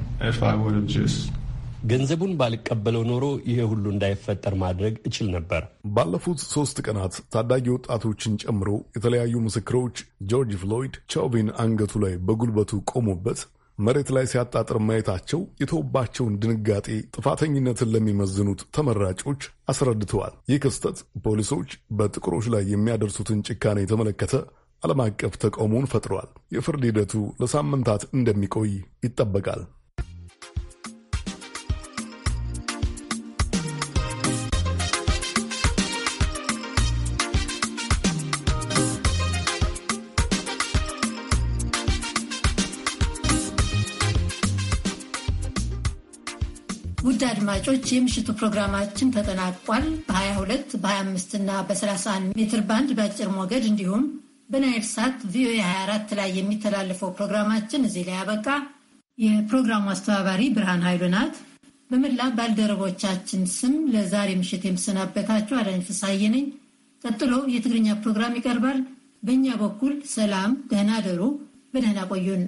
ገንዘቡን ባልቀበለው ኖሮ ይሄ ሁሉ እንዳይፈጠር ማድረግ እችል ነበር። ባለፉት ሶስት ቀናት ታዳጊ ወጣቶችን ጨምሮ የተለያዩ ምስክሮች ጆርጅ ፍሎይድ ቻውቪን አንገቱ ላይ በጉልበቱ ቆሞበት መሬት ላይ ሲያጣጥር ማየታቸው የተወባቸውን ድንጋጤ ጥፋተኝነትን ለሚመዝኑት ተመራጮች አስረድተዋል። ይህ ክስተት ፖሊሶች በጥቁሮች ላይ የሚያደርሱትን ጭካኔ የተመለከተ ዓለም አቀፍ ተቃውሞውን ፈጥረዋል። የፍርድ ሂደቱ ለሳምንታት እንደሚቆይ ይጠበቃል። ውድ አድማጮች የምሽቱ ፕሮግራማችን ተጠናቋል። በ22 በ25 እና በ31 ሜትር ባንድ በአጭር ሞገድ እንዲሁም በናይል ሳት ቪኦኤ 24 ላይ የሚተላለፈው ፕሮግራማችን እዚህ ላይ ያበቃ። የፕሮግራሙ አስተባባሪ ብርሃን ኃይሉ ናት። በመላ ባልደረቦቻችን ስም ለዛሬ ምሽት የምሰናበታችሁ አዳኝ ፍሳዬ ነኝ። ቀጥሎ የትግርኛ ፕሮግራም ይቀርባል። በእኛ በኩል ሰላም፣ ደህና ደሩ፣ በደህና ቆዩን።